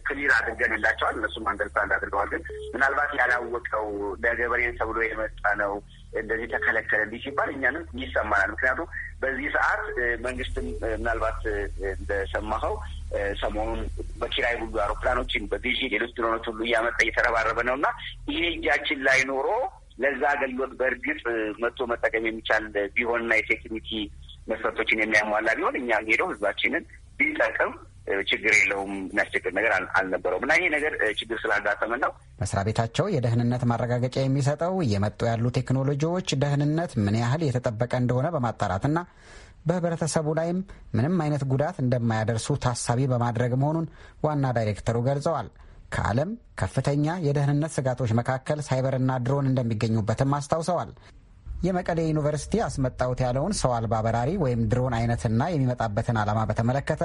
ክሊር አድርገንላቸዋል። እነሱም አንደርስታንድ አድርገዋል። ግን ምናልባት ያላወቀው ለገበሬን ተብሎ የመጣ ነው እንደዚህ ተከለከለልኝ ሲባል እኛንም ይሰማናል። ምክንያቱም በዚህ ሰዓት መንግስትም ምናልባት እንደሰማኸው ሰሞኑን በኪራይ ሁሉ አውሮፕላኖችን በግዢ ሌሎች ድሮኖች ሁሉ እያመጣ እየተረባረበ ነው እና ይሄ እጃችን ላይ ኖሮ ለዛ አገልግሎት በእርግጥ መቶ መጠቀም የሚቻል ቢሆንና የሴኪሪቲ መስፈርቶችን የሚያሟላ ቢሆን እኛ ሄደው ህዝባችንን ቢጠቅም ችግር የለውም የሚያስቸግር ነገር አልነበረውም። እና ይሄ ነገር ችግር ስላጋጠመ ነው መስሪያ ቤታቸው የደህንነት ማረጋገጫ የሚሰጠው እየመጡ ያሉ ቴክኖሎጂዎች ደህንነት ምን ያህል የተጠበቀ እንደሆነ በማጣራትና በህብረተሰቡ ላይም ምንም አይነት ጉዳት እንደማያደርሱ ታሳቢ በማድረግ መሆኑን ዋና ዳይሬክተሩ ገልጸዋል። ከዓለም ከፍተኛ የደህንነት ስጋቶች መካከል ሳይበርና ድሮን እንደሚገኙበትም አስታውሰዋል። የመቀሌ ዩኒቨርሲቲ አስመጣውት ያለውን ሰው አልባ በራሪ ወይም ድሮን አይነትና የሚመጣበትን ዓላማ በተመለከተ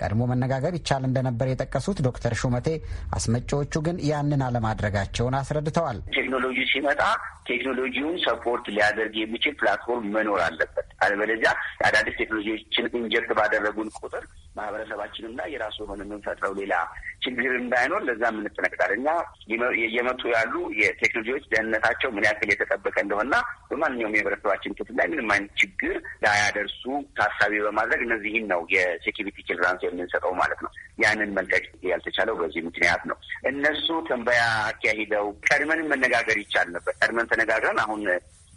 ቀድሞ መነጋገር ይቻል እንደነበር የጠቀሱት ዶክተር ሹመቴ አስመጪዎቹ ግን ያንን አለማድረጋቸውን አስረድተዋል። ቴክኖሎጂ ሲመጣ ቴክኖሎጂውን ሰፖርት ሊያደርግ የሚችል ፕላትፎርም መኖር አለበት። አለበለዚያ አዳዲስ ቴክኖሎጂዎችን ኢንጀክት ባደረጉን ቁጥር ማህበረሰባችንና የራሱ የሆነ የምንፈጥረው ሌላ ችግር እንዳይኖር ለዛ የምንጠነቅቃለን። እኛ እየመጡ ያሉ የቴክኖሎጂዎች ደህንነታቸው ምን ያክል የተጠበቀ እንደሆነና በማንኛውም የህብረተሰባችን ክፍል ላይ ምንም አይነት ችግር ላያደርሱ ታሳቢ በማድረግ እነዚህን ነው የሴኪሪቲ ችልድራንስ የምንሰጠው ማለት ነው። ያንን መልቀቅ ያልተቻለው በዚህ ምክንያት ነው። እነሱ ትንበያ አካሂደው ቀድመንም መነጋገር ይቻል ነበር። ቀድመን ተነጋግረን አሁን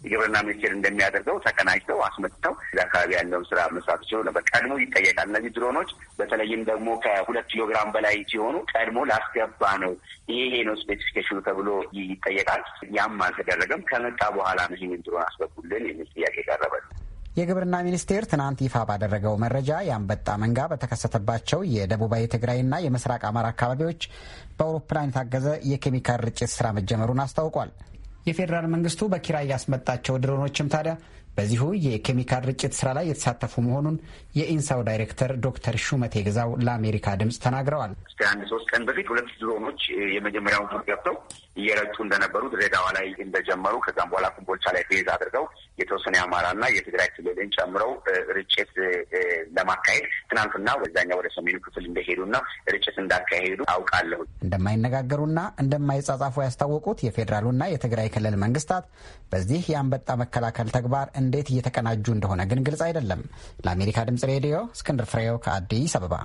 የግብርና ሚኒስቴር እንደሚያደርገው ተቀናጅተው አስመጥተው አካባቢ ያለውን ስራ መስራት ሲሆ ቀድሞ ይጠየቃል። እነዚህ ድሮኖች በተለይም ደግሞ ከሁለት ኪሎ ግራም በላይ ሲሆኑ ቀድሞ ላስገባ ነው ይሄ ነው ስፔሲፊኬሽኑ ተብሎ ይጠየቃል። ያም አልተደረገም። ከመጣ በኋላ ነው ይህንን ድሮን አስገቡልን የሚል ጥያቄ ቀረበ። የግብርና ሚኒስቴር ትናንት ይፋ ባደረገው መረጃ የአንበጣ መንጋ በተከሰተባቸው የደቡባዊ ትግራይና የምስራቅ አማራ አካባቢዎች በአውሮፕላን የታገዘ የኬሚካል ርጭት ስራ መጀመሩን አስታውቋል። የፌዴራል መንግስቱ በኪራይ ያስመጣቸው ድሮኖችም ታዲያ በዚሁ የኬሚካል ርጭት ስራ ላይ የተሳተፉ መሆኑን የኢንሳው ዳይሬክተር ዶክተር ሹመቴ ግዛው ለአሜሪካ ድምፅ ተናግረዋል። እስከ አንድ ሶስት ቀን በፊት ሁለት ድሮኖች የመጀመሪያውን ዙር ገብተው እየረጩ እንደነበሩ ድሬዳዋ ላይ እንደጀመሩ ከዛም በኋላ ኩምቦልቻ ላይ ፌዝ አድርገው የተወሰነ የአማራና የትግራይ ክልልን ጨምረው ርጭት ለማካሄድ ትናንትና ወደዛኛው ወደ ሰሜኑ ክፍል እንደሄዱና ርጭት እንዳካሄዱ አውቃለሁ። እንደማይነጋገሩና እንደማይጻጻፉ ያስታወቁት የፌዴራሉና የትግራይ ክልል መንግስታት በዚህ የአንበጣ መከላከል ተግባር እንዴት እየተቀናጁ እንደሆነ ግን ግልጽ አይደለም። ለአሜሪካ ድምጽ ሬዲዮ እስክንድር ፍሬው ከአዲስ አበባ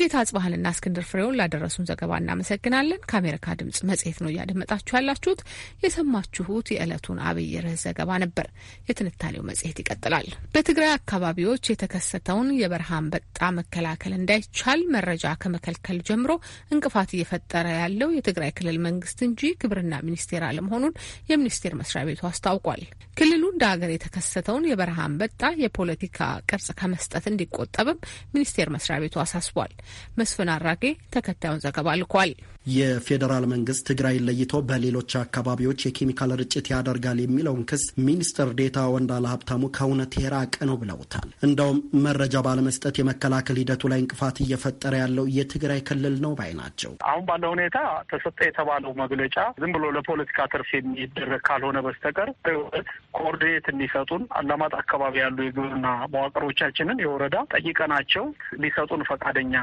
ሙልጌታ ጽባህልና እስክንድር ፍሬውን ላደረሱን ዘገባ እናመሰግናለን። ከአሜሪካ ድምጽ መጽሔት ነው እያደመጣችሁ ያላችሁት። የሰማችሁት የዕለቱን አብይ ርዕስ ዘገባ ነበር። የትንታኔው መጽሔት ይቀጥላል። በትግራይ አካባቢዎች የተከሰተውን የበረሃ አንበጣ መከላከል እንዳይቻል መረጃ ከመከልከል ጀምሮ እንቅፋት እየፈጠረ ያለው የትግራይ ክልል መንግስት እንጂ ግብርና ሚኒስቴር አለመሆኑን የሚኒስቴር መስሪያ ቤቱ አስታውቋል። ክልሉ እንደ ሀገር የተከሰተውን የበረሃ አንበጣ የፖለቲካ ቅርጽ ከመስጠት እንዲቆጠብም ሚኒስቴር መስሪያ ቤቱ አሳስቧል። መስፍን አራጌ ተከታዩን ዘገባ ልኳል። የፌዴራል መንግስት ትግራይን ለይቶ በሌሎች አካባቢዎች የኬሚካል ርጭት ያደርጋል የሚለውን ክስ ሚኒስትር ዴታ ወንዳለ ሀብታሙ ከእውነት የራቀ ነው ብለውታል። እንደውም መረጃ ባለመስጠት የመከላከል ሂደቱ ላይ እንቅፋት እየፈጠረ ያለው የትግራይ ክልል ነው ባይ ናቸው። አሁን ባለው ሁኔታ ተሰጠ የተባለው መግለጫ ዝም ብሎ ለፖለቲካ ትርፍ የሚደረግ ካልሆነ በስተቀር ህይወት ኮኦርዲኔት እንዲሰጡን አላማት አካባቢ ያሉ የግብርና መዋቅሮቻችንን የወረዳ ጠይቀናቸው ሊሰጡን ፈቃደኛ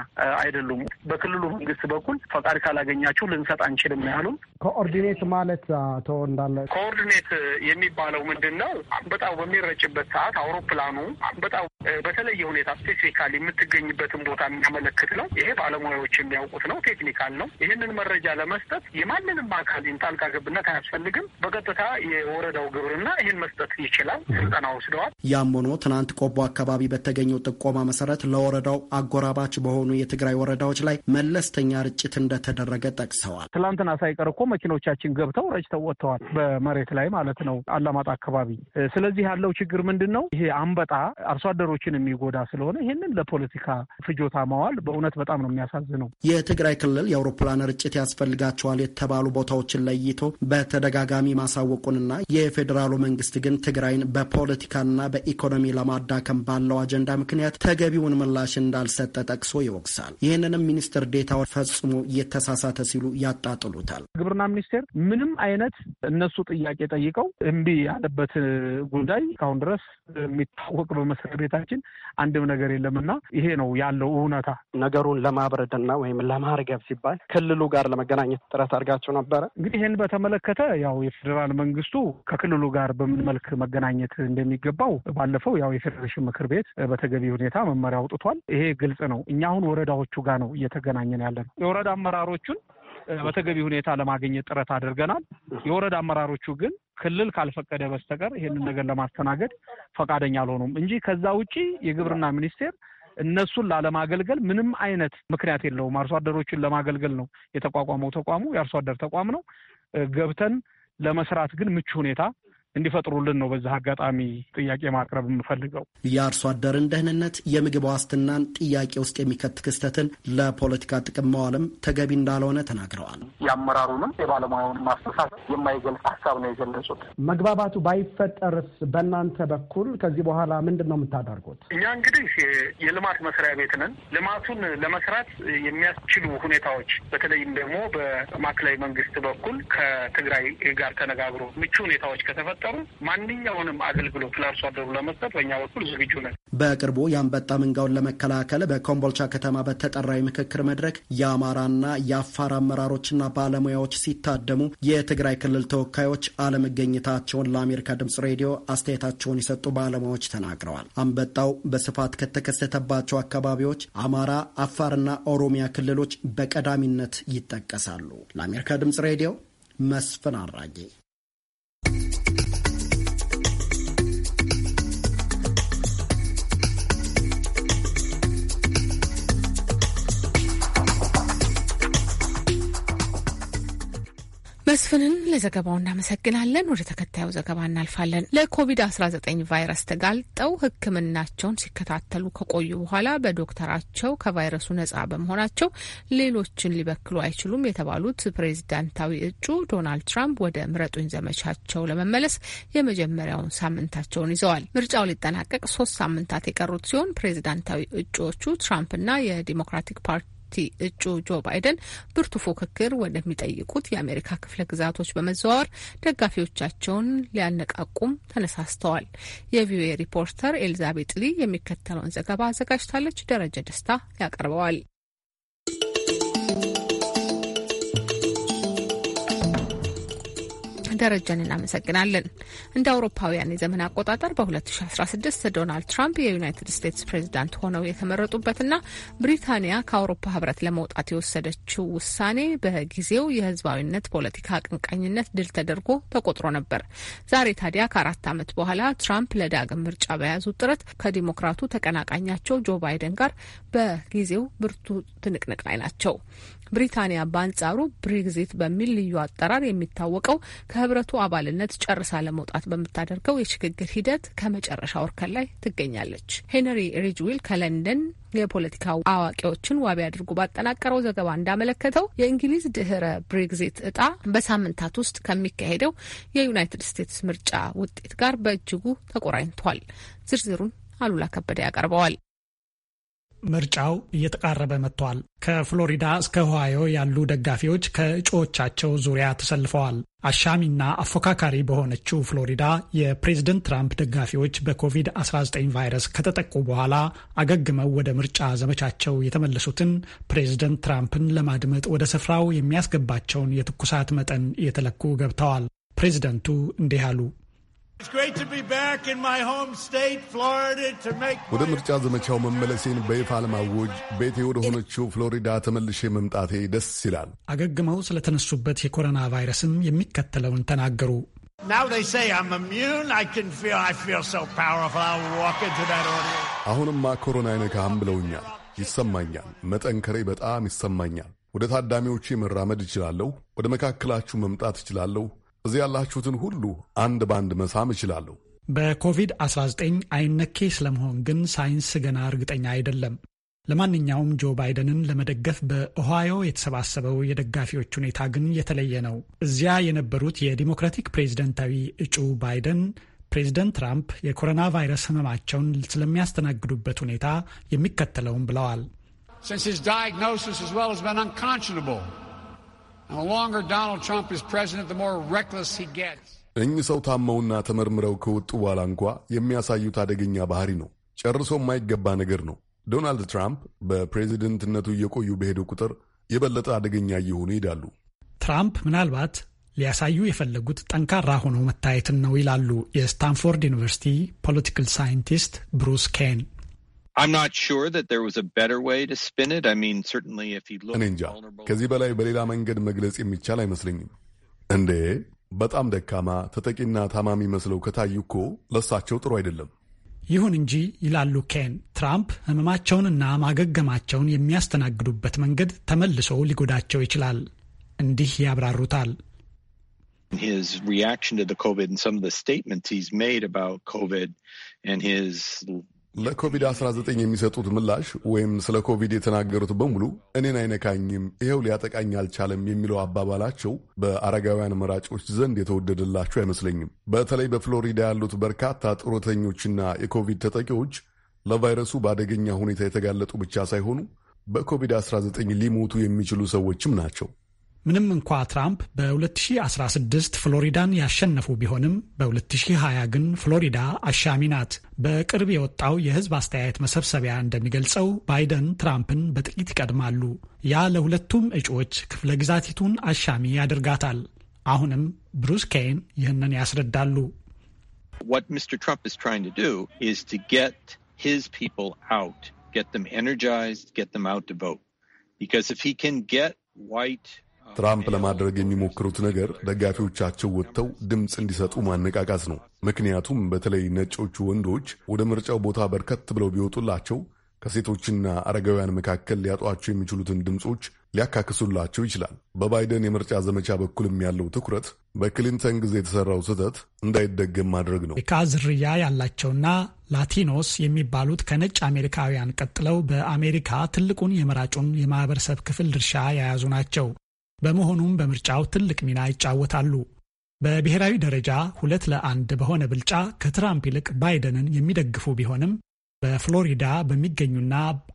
አይደሉም። በክልሉ መንግስት በኩል ፈቃድ ካላገኘ ካላገኛችሁ ልንሰጥ አንችልም ያሉን። ኮኦርዲኔት ማለት አቶ እንዳለ ኮኦርዲኔት የሚባለው ምንድን ነው? አንበጣው በሚረጭበት ሰዓት አውሮፕላኑ አንበጣው በተለየ ሁኔታ ስፔሲፊካል የምትገኝበትን ቦታ የሚያመለክት ነው። ይሄ ባለሙያዎች የሚያውቁት ነው። ቴክኒካል ነው። ይህንን መረጃ ለመስጠት የማንንም አካል ጣልቃ ገብነት አያስፈልግም። በቀጥታ የወረዳው ግብርና ይህን መስጠት ይችላል። ስልጠና ወስደዋል። ያም ሆኖ ትናንት ቆቦ አካባቢ በተገኘው ጥቆማ መሰረት ለወረዳው አጎራባች በሆኑ የትግራይ ወረዳዎች ላይ መለስተኛ ርጭት እንደተደረገ በማስጠንቀቅ ጠቅሰዋል። ትላንትና ሳይቀር እኮ መኪኖቻችን ገብተው ረጭተው ወጥተዋል፣ በመሬት ላይ ማለት ነው አላማጣ አካባቢ። ስለዚህ ያለው ችግር ምንድን ነው? ይሄ አንበጣ አርሶ አደሮችን የሚጎዳ ስለሆነ ይህንን ለፖለቲካ ፍጆታ ማዋል በእውነት በጣም ነው የሚያሳዝነው። የትግራይ ክልል የአውሮፕላን ርጭት ያስፈልጋቸዋል የተባሉ ቦታዎችን ለይቶ በተደጋጋሚ ማሳወቁንና የፌዴራሉ መንግስት ግን ትግራይን በፖለቲካና በኢኮኖሚ ለማዳከም ባለው አጀንዳ ምክንያት ተገቢውን ምላሽ እንዳልሰጠ ጠቅሶ ይወቅሳል። ይህንንም ሚኒስትር ዴታው ፈጽሞ እየተሳሳ ተሳሳተ ሲሉ ያጣጥሉታል። ግብርና ሚኒስቴር ምንም አይነት እነሱ ጥያቄ ጠይቀው እምቢ ያለበት ጉዳይ እስካሁን ድረስ የሚታወቅ በመስሪያ ቤታችን አንድም ነገር የለምና ይሄ ነው ያለው እውነታ። ነገሩን ለማብረድና ወይም ለማርገብ ሲባል ክልሉ ጋር ለመገናኘት ጥረት አድርጋቸው ነበረ። እንግዲህ ይህን በተመለከተ ያው የፌዴራል መንግስቱ ከክልሉ ጋር በምን መልክ መገናኘት እንደሚገባው ባለፈው ያው የፌዴሬሽን ምክር ቤት በተገቢ ሁኔታ መመሪያ አውጥቷል። ይሄ ግልጽ ነው። እኛ አሁን ወረዳዎቹ ጋር ነው እየተገናኘን ያለ ነው። የወረዳ አመራሮቹን በተገቢ ሁኔታ ለማግኘት ጥረት አድርገናል። የወረዳ አመራሮቹ ግን ክልል ካልፈቀደ በስተቀር ይህንን ነገር ለማስተናገድ ፈቃደኛ አልሆኑም እንጂ ከዛ ውጪ የግብርና ሚኒስቴር እነሱን ላለማገልገል ምንም አይነት ምክንያት የለውም። አርሶ አደሮችን ለማገልገል ነው የተቋቋመው። ተቋሙ የአርሶ አደር ተቋም ነው። ገብተን ለመስራት ግን ምቹ ሁኔታ እንዲፈጥሩልን ነው በዚህ አጋጣሚ ጥያቄ ማቅረብ የምፈልገው። የአርሶ አደርን ደህንነት፣ የምግብ ዋስትናን ጥያቄ ውስጥ የሚከት ክስተትን ለፖለቲካ ጥቅም መዋልም ተገቢ እንዳልሆነ ተናግረዋል። የአመራሩንም የባለሙያውን ማስተሳሰብ የማይገልጽ ሀሳብ ነው የገለጹት። መግባባቱ ባይፈጠርስ በእናንተ በኩል ከዚህ በኋላ ምንድን ነው የምታደርጉት? እኛ እንግዲህ የልማት መስሪያ ቤት ነን። ልማቱን ለመስራት የሚያስችሉ ሁኔታዎች በተለይም ደግሞ በማዕከላዊ መንግስት በኩል ከትግራይ ጋር ተነጋግሮ ምቹ ሁኔታዎች ከተፈጠ ካልፈጠሩ ማንኛውንም አገልግሎት ለአርሶ አደሩ ለመስጠት በእኛ በኩል ዝግጁ ነን። በቅርቡ የአንበጣ መንጋውን ለመከላከል በኮምቦልቻ ከተማ በተጠራው ምክክር መድረክ የአማራና የአፋር አመራሮችና ባለሙያዎች ሲታደሙ የትግራይ ክልል ተወካዮች አለመገኘታቸውን ለአሜሪካ ድምጽ ሬዲዮ አስተያየታቸውን የሰጡ ባለሙያዎች ተናግረዋል። አንበጣው በስፋት ከተከሰተባቸው አካባቢዎች አማራ፣ አፋርና ኦሮሚያ ክልሎች በቀዳሚነት ይጠቀሳሉ። ለአሜሪካ ድምጽ ሬዲዮ መስፍን አራጌ መስፍንን ለዘገባው እናመሰግናለን። ወደ ተከታዩ ዘገባ እናልፋለን። ለኮቪድ-19 ቫይረስ ተጋልጠው ሕክምናቸውን ሲከታተሉ ከቆዩ በኋላ በዶክተራቸው ከቫይረሱ ነጻ በመሆናቸው ሌሎችን ሊበክሉ አይችሉም የተባሉት ፕሬዚዳንታዊ እጩ ዶናልድ ትራምፕ ወደ ምረጡኝ ዘመቻቸው ለመመለስ የመጀመሪያውን ሳምንታቸውን ይዘዋል። ምርጫው ሊጠናቀቅ ሶስት ሳምንታት የቀሩት ሲሆን ፕሬዚዳንታዊ እጩዎቹ ትራምፕና የዲሞክራቲክ ፓርቲ ፓርቲ እጩ ጆ ባይደን ብርቱ ፉክክር ወደሚጠይቁት የአሜሪካ ክፍለ ግዛቶች በመዘዋወር ደጋፊዎቻቸውን ሊያነቃቁም ተነሳስተዋል። የቪኦኤ ሪፖርተር ኤልዛቤት ሊ የሚከተለውን ዘገባ አዘጋጅታለች። ደረጀ ደስታ ያቀርበዋል። ደረጃን እናመሰግናለን። እንደ አውሮፓውያን የዘመን አቆጣጠር በ2016 ዶናልድ ትራምፕ የዩናይትድ ስቴትስ ፕሬዚዳንት ሆነው የተመረጡበትና ብሪታንያ ከአውሮፓ ህብረት ለመውጣት የወሰደችው ውሳኔ በጊዜው የህዝባዊነት ፖለቲካ አቀንቃኝነት ድል ተደርጎ ተቆጥሮ ነበር። ዛሬ ታዲያ ከአራት ዓመት በኋላ ትራምፕ ለዳግም ምርጫ በያዙ ጥረት ከዲሞክራቱ ተቀናቃኛቸው ጆ ባይደን ጋር በጊዜው ብርቱ ትንቅንቅ ላይ ናቸው። ብሪታንያ በአንጻሩ ብሬግዚት በሚል ልዩ አጠራር የሚታወቀው ከህብረቱ አባልነት ጨርሳ ለመውጣት በምታደርገው የሽግግር ሂደት ከመጨረሻ ወርከን ላይ ትገኛለች። ሄንሪ ሪጅዊል ከለንደን የፖለቲካ አዋቂዎችን ዋቢ አድርጎ ባጠናቀረው ዘገባ እንዳመለከተው የእንግሊዝ ድህረ ብሬግዚት እጣ በሳምንታት ውስጥ ከሚካሄደው የዩናይትድ ስቴትስ ምርጫ ውጤት ጋር በእጅጉ ተቆራኝቷል። ዝርዝሩን አሉላ ከበደ ያቀርበዋል። ምርጫው እየተቃረበ መጥቷል። ከፍሎሪዳ እስከ ኦሃዮ ያሉ ደጋፊዎች ከእጩዎቻቸው ዙሪያ ተሰልፈዋል። አሻሚና አፎካካሪ በሆነችው ፍሎሪዳ የፕሬዝደንት ትራምፕ ደጋፊዎች በኮቪድ-19 ቫይረስ ከተጠቁ በኋላ አገግመው ወደ ምርጫ ዘመቻቸው የተመለሱትን ፕሬዝደንት ትራምፕን ለማድመጥ ወደ ስፍራው የሚያስገባቸውን የትኩሳት መጠን እየተለኩ ገብተዋል። ፕሬዝደንቱ እንዲህ አሉ። ወደ ምርጫ ዘመቻው መመለሴን በይፋ ለማወጅ ቤቴ ወደ ሆነችው ፍሎሪዳ ተመልሼ መምጣቴ ደስ ይላል። አገግመው ስለተነሱበት የኮሮና ቫይረስም የሚከተለውን ተናገሩ። አሁንማ ኮሮና ይነካህም ብለውኛል። ይሰማኛል። መጠንከሬ በጣም ይሰማኛል። ወደ ታዳሚዎቼ መራመድ እችላለሁ። ወደ መካከላችሁ መምጣት እችላለሁ። እዚህ ያላችሁትን ሁሉ አንድ በአንድ መሳም እችላለሁ። በኮቪድ-19 አይነኬ ስለመሆን ግን ሳይንስ ገና እርግጠኛ አይደለም። ለማንኛውም ጆ ባይደንን ለመደገፍ በኦሃዮ የተሰባሰበው የደጋፊዎች ሁኔታ ግን የተለየ ነው። እዚያ የነበሩት የዲሞክራቲክ ፕሬዝደንታዊ እጩ ባይደን ፕሬዝደንት ትራምፕ የኮሮና ቫይረስ ህመማቸውን ስለሚያስተናግዱበት ሁኔታ የሚከተለውም ብለዋል። እኚህ ሰው ታመውና ተመርምረው ከወጡ በኋላ እንኳ የሚያሳዩት አደገኛ ባህሪ ነው። ጨርሶ የማይገባ ነገር ነው። ዶናልድ ትራምፕ በፕሬዚደንትነቱ እየቆዩ በሄዱ ቁጥር የበለጠ አደገኛ እየሆኑ ይሄዳሉ። ትራምፕ ምናልባት ሊያሳዩ የፈለጉት ጠንካራ ሆነው መታየትን ነው ይላሉ የስታንፎርድ ዩኒቨርሲቲ ፖለቲካል ሳይንቲስት ብሩስ ኬን። እኔ እንጃ ከዚህ በላይ በሌላ መንገድ መግለጽ የሚቻል አይመስለኝም። እንዴ በጣም ደካማ ተጠቂና ታማሚ መስለው ከታዩ እኮ ለሳቸው ጥሩ አይደለም። ይሁን እንጂ ይላሉ ኬን፣ ትራምፕ ህመማቸውንና ማገገማቸውን የሚያስተናግዱበት መንገድ ተመልሶ ሊጎዳቸው ይችላል። እንዲህ ያብራሩታል። his reaction to the COVID and some of the statements he's made about COVID and his ለኮቪድ-19 የሚሰጡት ምላሽ ወይም ስለ ኮቪድ የተናገሩት በሙሉ እኔን አይነካኝም፣ ይኸው ሊያጠቃኝ አልቻለም የሚለው አባባላቸው በአረጋውያን መራጮች ዘንድ የተወደደላቸው አይመስለኝም። በተለይ በፍሎሪዳ ያሉት በርካታ ጡረተኞችና የኮቪድ ተጠቂዎች ለቫይረሱ በአደገኛ ሁኔታ የተጋለጡ ብቻ ሳይሆኑ በኮቪድ-19 ሊሞቱ የሚችሉ ሰዎችም ናቸው። ምንም እንኳ ትራምፕ በ2016 ፍሎሪዳን ያሸነፉ ቢሆንም በ2020 ግን ፍሎሪዳ አሻሚ ናት። በቅርብ የወጣው የህዝብ አስተያየት መሰብሰቢያ እንደሚገልጸው ባይደን ትራምፕን በጥቂት ይቀድማሉ። ያ ለሁለቱም እጩዎች ክፍለ ግዛቲቱን አሻሚ ያደርጋታል። አሁንም ብሩስ ኬይን ይህንን ያስረዳሉ። ሂዝ ትራምፕ ለማድረግ የሚሞክሩት ነገር ደጋፊዎቻቸው ወጥተው ድምፅ እንዲሰጡ ማነቃቃት ነው። ምክንያቱም በተለይ ነጮቹ ወንዶች ወደ ምርጫው ቦታ በርከት ብለው ቢወጡላቸው ከሴቶችና አረጋውያን መካከል ሊያጧቸው የሚችሉትን ድምፆች ሊያካክሱላቸው ይችላል። በባይደን የምርጫ ዘመቻ በኩልም ያለው ትኩረት በክሊንተን ጊዜ የተሰራው ስህተት እንዳይደገም ማድረግ ነው። ካ ዝርያ ያላቸውና ላቲኖስ የሚባሉት ከነጭ አሜሪካውያን ቀጥለው በአሜሪካ ትልቁን የመራጩን የማህበረሰብ ክፍል ድርሻ የያዙ ናቸው። በመሆኑም በምርጫው ትልቅ ሚና ይጫወታሉ። በብሔራዊ ደረጃ ሁለት ለአንድ በሆነ ብልጫ ከትራምፕ ይልቅ ባይደንን የሚደግፉ ቢሆንም በፍሎሪዳ በሚገኙና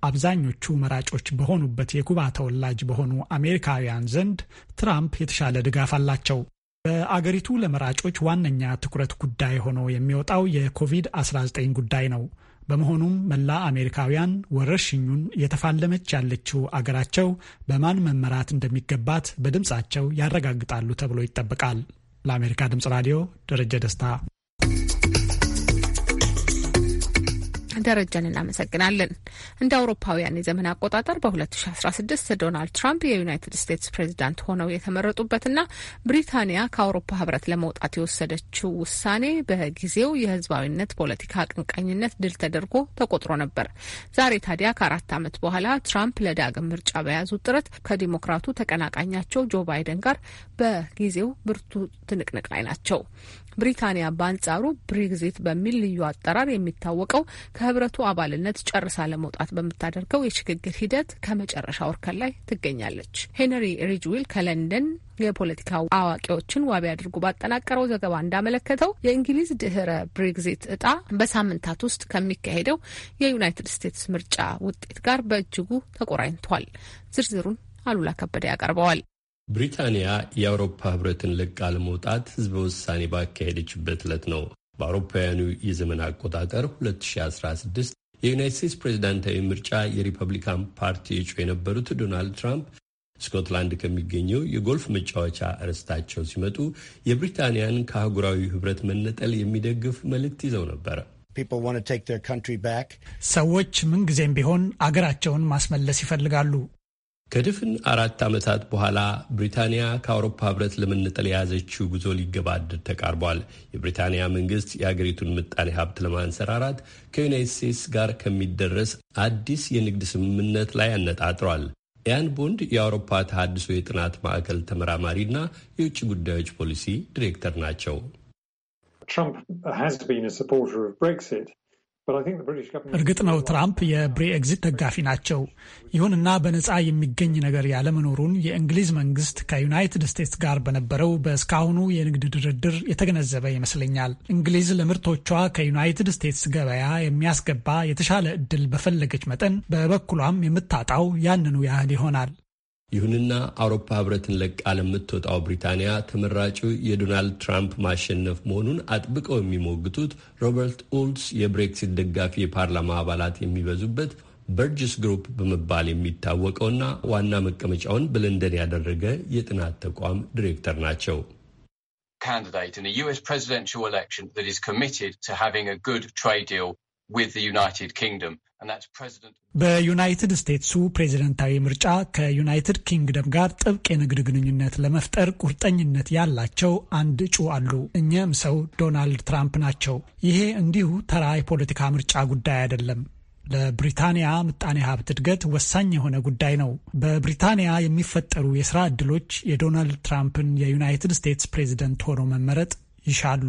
አብዛኞቹ መራጮች በሆኑበት የኩባ ተወላጅ በሆኑ አሜሪካውያን ዘንድ ትራምፕ የተሻለ ድጋፍ አላቸው። በአገሪቱ ለመራጮች ዋነኛ ትኩረት ጉዳይ ሆኖ የሚወጣው የኮቪድ-19 ጉዳይ ነው። በመሆኑም መላ አሜሪካውያን ወረርሽኙን እየተፋለመች ያለችው አገራቸው በማን መመራት እንደሚገባት በድምፃቸው ያረጋግጣሉ ተብሎ ይጠበቃል። ለአሜሪካ ድምፅ ራዲዮ ደረጀ ደስታ ደረጀን እናመሰግናለን። እንደ አውሮፓውያን የዘመን አቆጣጠር በ2016 ዶናልድ ትራምፕ የዩናይትድ ስቴትስ ፕሬዚዳንት ሆነው የተመረጡበትና ብሪታንያ ከአውሮፓ ህብረት ለመውጣት የወሰደችው ውሳኔ በጊዜው የህዝባዊነት ፖለቲካ አቀንቃኝነት ድል ተደርጎ ተቆጥሮ ነበር። ዛሬ ታዲያ ከአራት ዓመት በኋላ ትራምፕ ለዳግም ምርጫ በያዙ ጥረት ከዲሞክራቱ ተቀናቃኛቸው ጆ ባይደን ጋር በጊዜው ብርቱ ትንቅንቅ ላይ ናቸው። ብሪታንያ በአንጻሩ ብሬግዚት በሚል ልዩ አጠራር የሚታወቀው ከህብረቱ አባልነት ጨርሳ ለመውጣት በምታደርገው የሽግግር ሂደት ከመጨረሻ ወርከን ላይ ትገኛለች። ሄንሪ ሪጅዊል ከለንደን የፖለቲካ አዋቂዎችን ዋቢ አድርጎ ባጠናቀረው ዘገባ እንዳመለከተው የእንግሊዝ ድህረ ብሬግዚት እጣ በሳምንታት ውስጥ ከሚካሄደው የዩናይትድ ስቴትስ ምርጫ ውጤት ጋር በእጅጉ ተቆራኝቷል። ዝርዝሩን አሉላ ከበደ ያቀርበዋል። ብሪታንያ የአውሮፓ ህብረትን ለቃ ለመውጣት ህዝበ ውሳኔ ባካሄደችበት ዕለት ነው። በአውሮፓውያኑ የዘመን አቆጣጠር 2016 የዩናይት ስቴትስ ፕሬዚዳንታዊ ምርጫ የሪፐብሊካን ፓርቲ እጩ የነበሩት ዶናልድ ትራምፕ ስኮትላንድ ከሚገኘው የጎልፍ መጫወቻ እርስታቸው ሲመጡ የብሪታንያን ከአህጉራዊ ህብረት መነጠል የሚደግፍ መልእክት ይዘው ነበር። ሰዎች ምንጊዜም ቢሆን አገራቸውን ማስመለስ ይፈልጋሉ። ከድፍን አራት ዓመታት በኋላ ብሪታንያ ከአውሮፓ ህብረት ለመነጠል የያዘችው ጉዞ ሊገባደድ ተቃርቧል። የብሪታንያ መንግስት የአገሪቱን ምጣኔ ሀብት ለማንሰራራት ከዩናይት ስቴትስ ጋር ከሚደረስ አዲስ የንግድ ስምምነት ላይ አነጣጥሯል። ያን ቦንድ የአውሮፓ ተሃድሶ የጥናት ማዕከል ተመራማሪና የውጭ ጉዳዮች ፖሊሲ ዲሬክተር ናቸው። ትራምፕ እርግጥ ነው ትራምፕ የብሬኤግዚት ደጋፊ ናቸው። ይሁንና በነፃ የሚገኝ ነገር ያለመኖሩን የእንግሊዝ መንግስት ከዩናይትድ ስቴትስ ጋር በነበረው በእስካሁኑ የንግድ ድርድር የተገነዘበ ይመስለኛል። እንግሊዝ ለምርቶቿ ከዩናይትድ ስቴትስ ገበያ የሚያስገባ የተሻለ እድል በፈለገች መጠን በበኩሏም የምታጣው ያንኑ ያህል ይሆናል። ይሁንና አውሮፓ ህብረትን ለቃ ለምትወጣው ብሪታንያ ተመራጩ የዶናልድ ትራምፕ ማሸነፍ መሆኑን አጥብቀው የሚሞግቱት ሮበርት ኡልስ የብሬክሲት ደጋፊ የፓርላማ አባላት የሚበዙበት በርጅስ ግሩፕ በመባል የሚታወቀውና ዋና መቀመጫውን በለንደን ያደረገ የጥናት ተቋም ዲሬክተር ናቸው። candidate in the US presidential election that is committed to having a good trade deal with the United Kingdom. በዩናይትድ ስቴትሱ ፕሬዝደንታዊ ምርጫ ከዩናይትድ ኪንግደም ጋር ጥብቅ የንግድ ግንኙነት ለመፍጠር ቁርጠኝነት ያላቸው አንድ እጩ አሉ። እኚህም ሰው ዶናልድ ትራምፕ ናቸው። ይሄ እንዲሁ ተራ የፖለቲካ ምርጫ ጉዳይ አይደለም። ለብሪታንያ ምጣኔ ሀብት እድገት ወሳኝ የሆነ ጉዳይ ነው። በብሪታንያ የሚፈጠሩ የስራ ዕድሎች የዶናልድ ትራምፕን የዩናይትድ ስቴትስ ፕሬዝደንት ሆኖ መመረጥ ይሻሉ።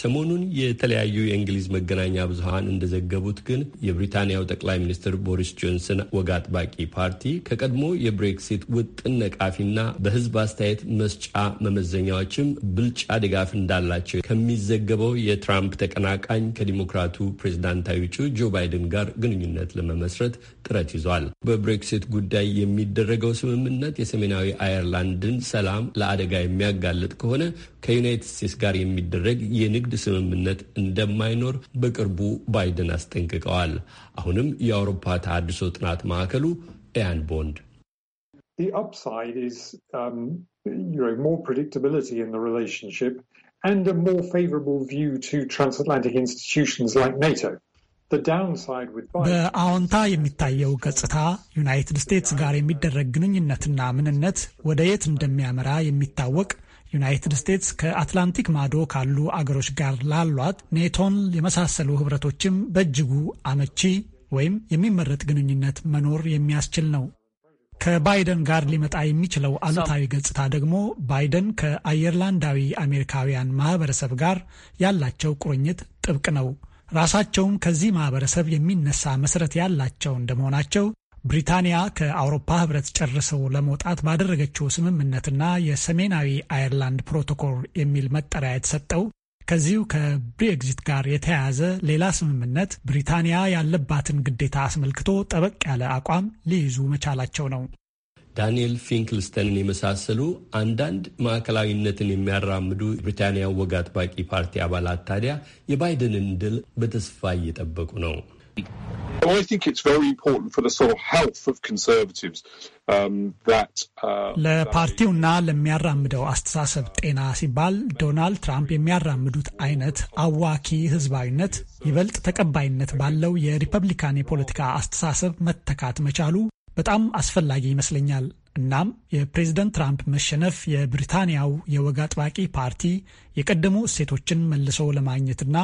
ሰሞኑን የተለያዩ የእንግሊዝ መገናኛ ብዙሀን እንደዘገቡት ግን የብሪታንያው ጠቅላይ ሚኒስትር ቦሪስ ጆንሰን ወግ አጥባቂ ፓርቲ ከቀድሞ የብሬክሲት ውጥን ነቃፊና በሕዝብ አስተያየት መስጫ መመዘኛዎችም ብልጫ ድጋፍ እንዳላቸው ከሚዘገበው የትራምፕ ተቀናቃኝ ከዲሞክራቱ ፕሬዝዳንታዊ እጩ ጆ ባይደን ጋር ግንኙነት ለመመስረት ጥረት ይዟል። በብሬክሲት ጉዳይ የሚደረገው ስምምነት የሰሜናዊ አየርላንድን ሰላም ለአደጋ የሚያጋልጥ ከሆነ ከዩናይትድ ስቴትስ ጋር የሚደረግ የንግድ ስምምነት እንደማይኖር በቅርቡ ባይደን አስጠንቅቀዋል። አሁንም የአውሮፓ ተሃድሶ ጥናት ማዕከሉ ኤያን ቦንድ um, በአዎንታ የሚታየው ገጽታ ዩናይትድ ስቴትስ ጋር የሚደረግ ግንኙነትና ምንነት ወደ የት እንደሚያመራ የሚታወቅ ዩናይትድ ስቴትስ ከአትላንቲክ ማዶ ካሉ አገሮች ጋር ላሏት ኔቶን የመሳሰሉ ህብረቶችም በእጅጉ አመቺ ወይም የሚመረጥ ግንኙነት መኖር የሚያስችል ነው። ከባይደን ጋር ሊመጣ የሚችለው አሉታዊ ገጽታ ደግሞ ባይደን ከአየርላንዳዊ አሜሪካውያን ማህበረሰብ ጋር ያላቸው ቁርኝት ጥብቅ ነው። ራሳቸውም ከዚህ ማህበረሰብ የሚነሳ መሰረት ያላቸው እንደመሆናቸው ብሪታንያ ከአውሮፓ ህብረት ጨርሰው ለመውጣት ባደረገችው ስምምነትና የሰሜናዊ አየርላንድ ፕሮቶኮል የሚል መጠሪያ የተሰጠው ከዚሁ ከብሬግዚት ጋር የተያያዘ ሌላ ስምምነት ብሪታንያ ያለባትን ግዴታ አስመልክቶ ጠበቅ ያለ አቋም ሊይዙ መቻላቸው ነው። ዳንኤል ፊንክልስተንን የመሳሰሉ አንዳንድ ማዕከላዊነትን የሚያራምዱ ብሪታንያ ወግ አጥባቂ ፓርቲ አባላት ታዲያ የባይደንን ድል በተስፋ እየጠበቁ ነው። Um, uh, ለፓርቲውና ለሚያራምደው አስተሳሰብ ጤና ሲባል ዶናልድ ትራምፕ የሚያራምዱት አይነት አዋኪ ህዝባዊነት ይበልጥ ተቀባይነት ባለው የሪፐብሊካን የፖለቲካ አስተሳሰብ መተካት መቻሉ በጣም አስፈላጊ ይመስለኛል። እናም የፕሬዝደንት ትራምፕ መሸነፍ የብሪታንያው የወግ አጥባቂ ፓርቲ የቀደሙ እሴቶችን መልሶ ለማግኘትና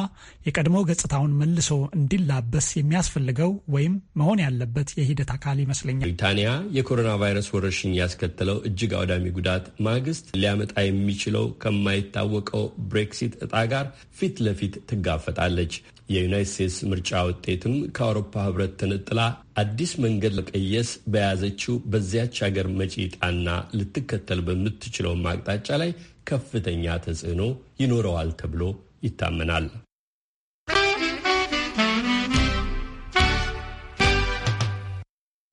የቀድሞ ገጽታውን መልሶ እንዲላበስ የሚያስፈልገው ወይም መሆን ያለበት የሂደት አካል ይመስለኛል። ብሪታንያ የኮሮና ቫይረስ ወረርሽኝ ያስከተለው እጅግ አውዳሚ ጉዳት ማግስት ሊያመጣ የሚችለው ከማይታወቀው ብሬክሲት እጣ ጋር ፊት ለፊት ትጋፈጣለች። የዩናይት ስቴትስ ምርጫ ውጤትም ከአውሮፓ ህብረት ተነጥላ አዲስ መንገድ ለቀየስ በያዘችው በዚያች ሀገር መጪ ልትከተል በምትችለው አቅጣጫ ላይ ከፍተኛ ተጽዕኖ ይኖረዋል ተብሎ ይታመናል።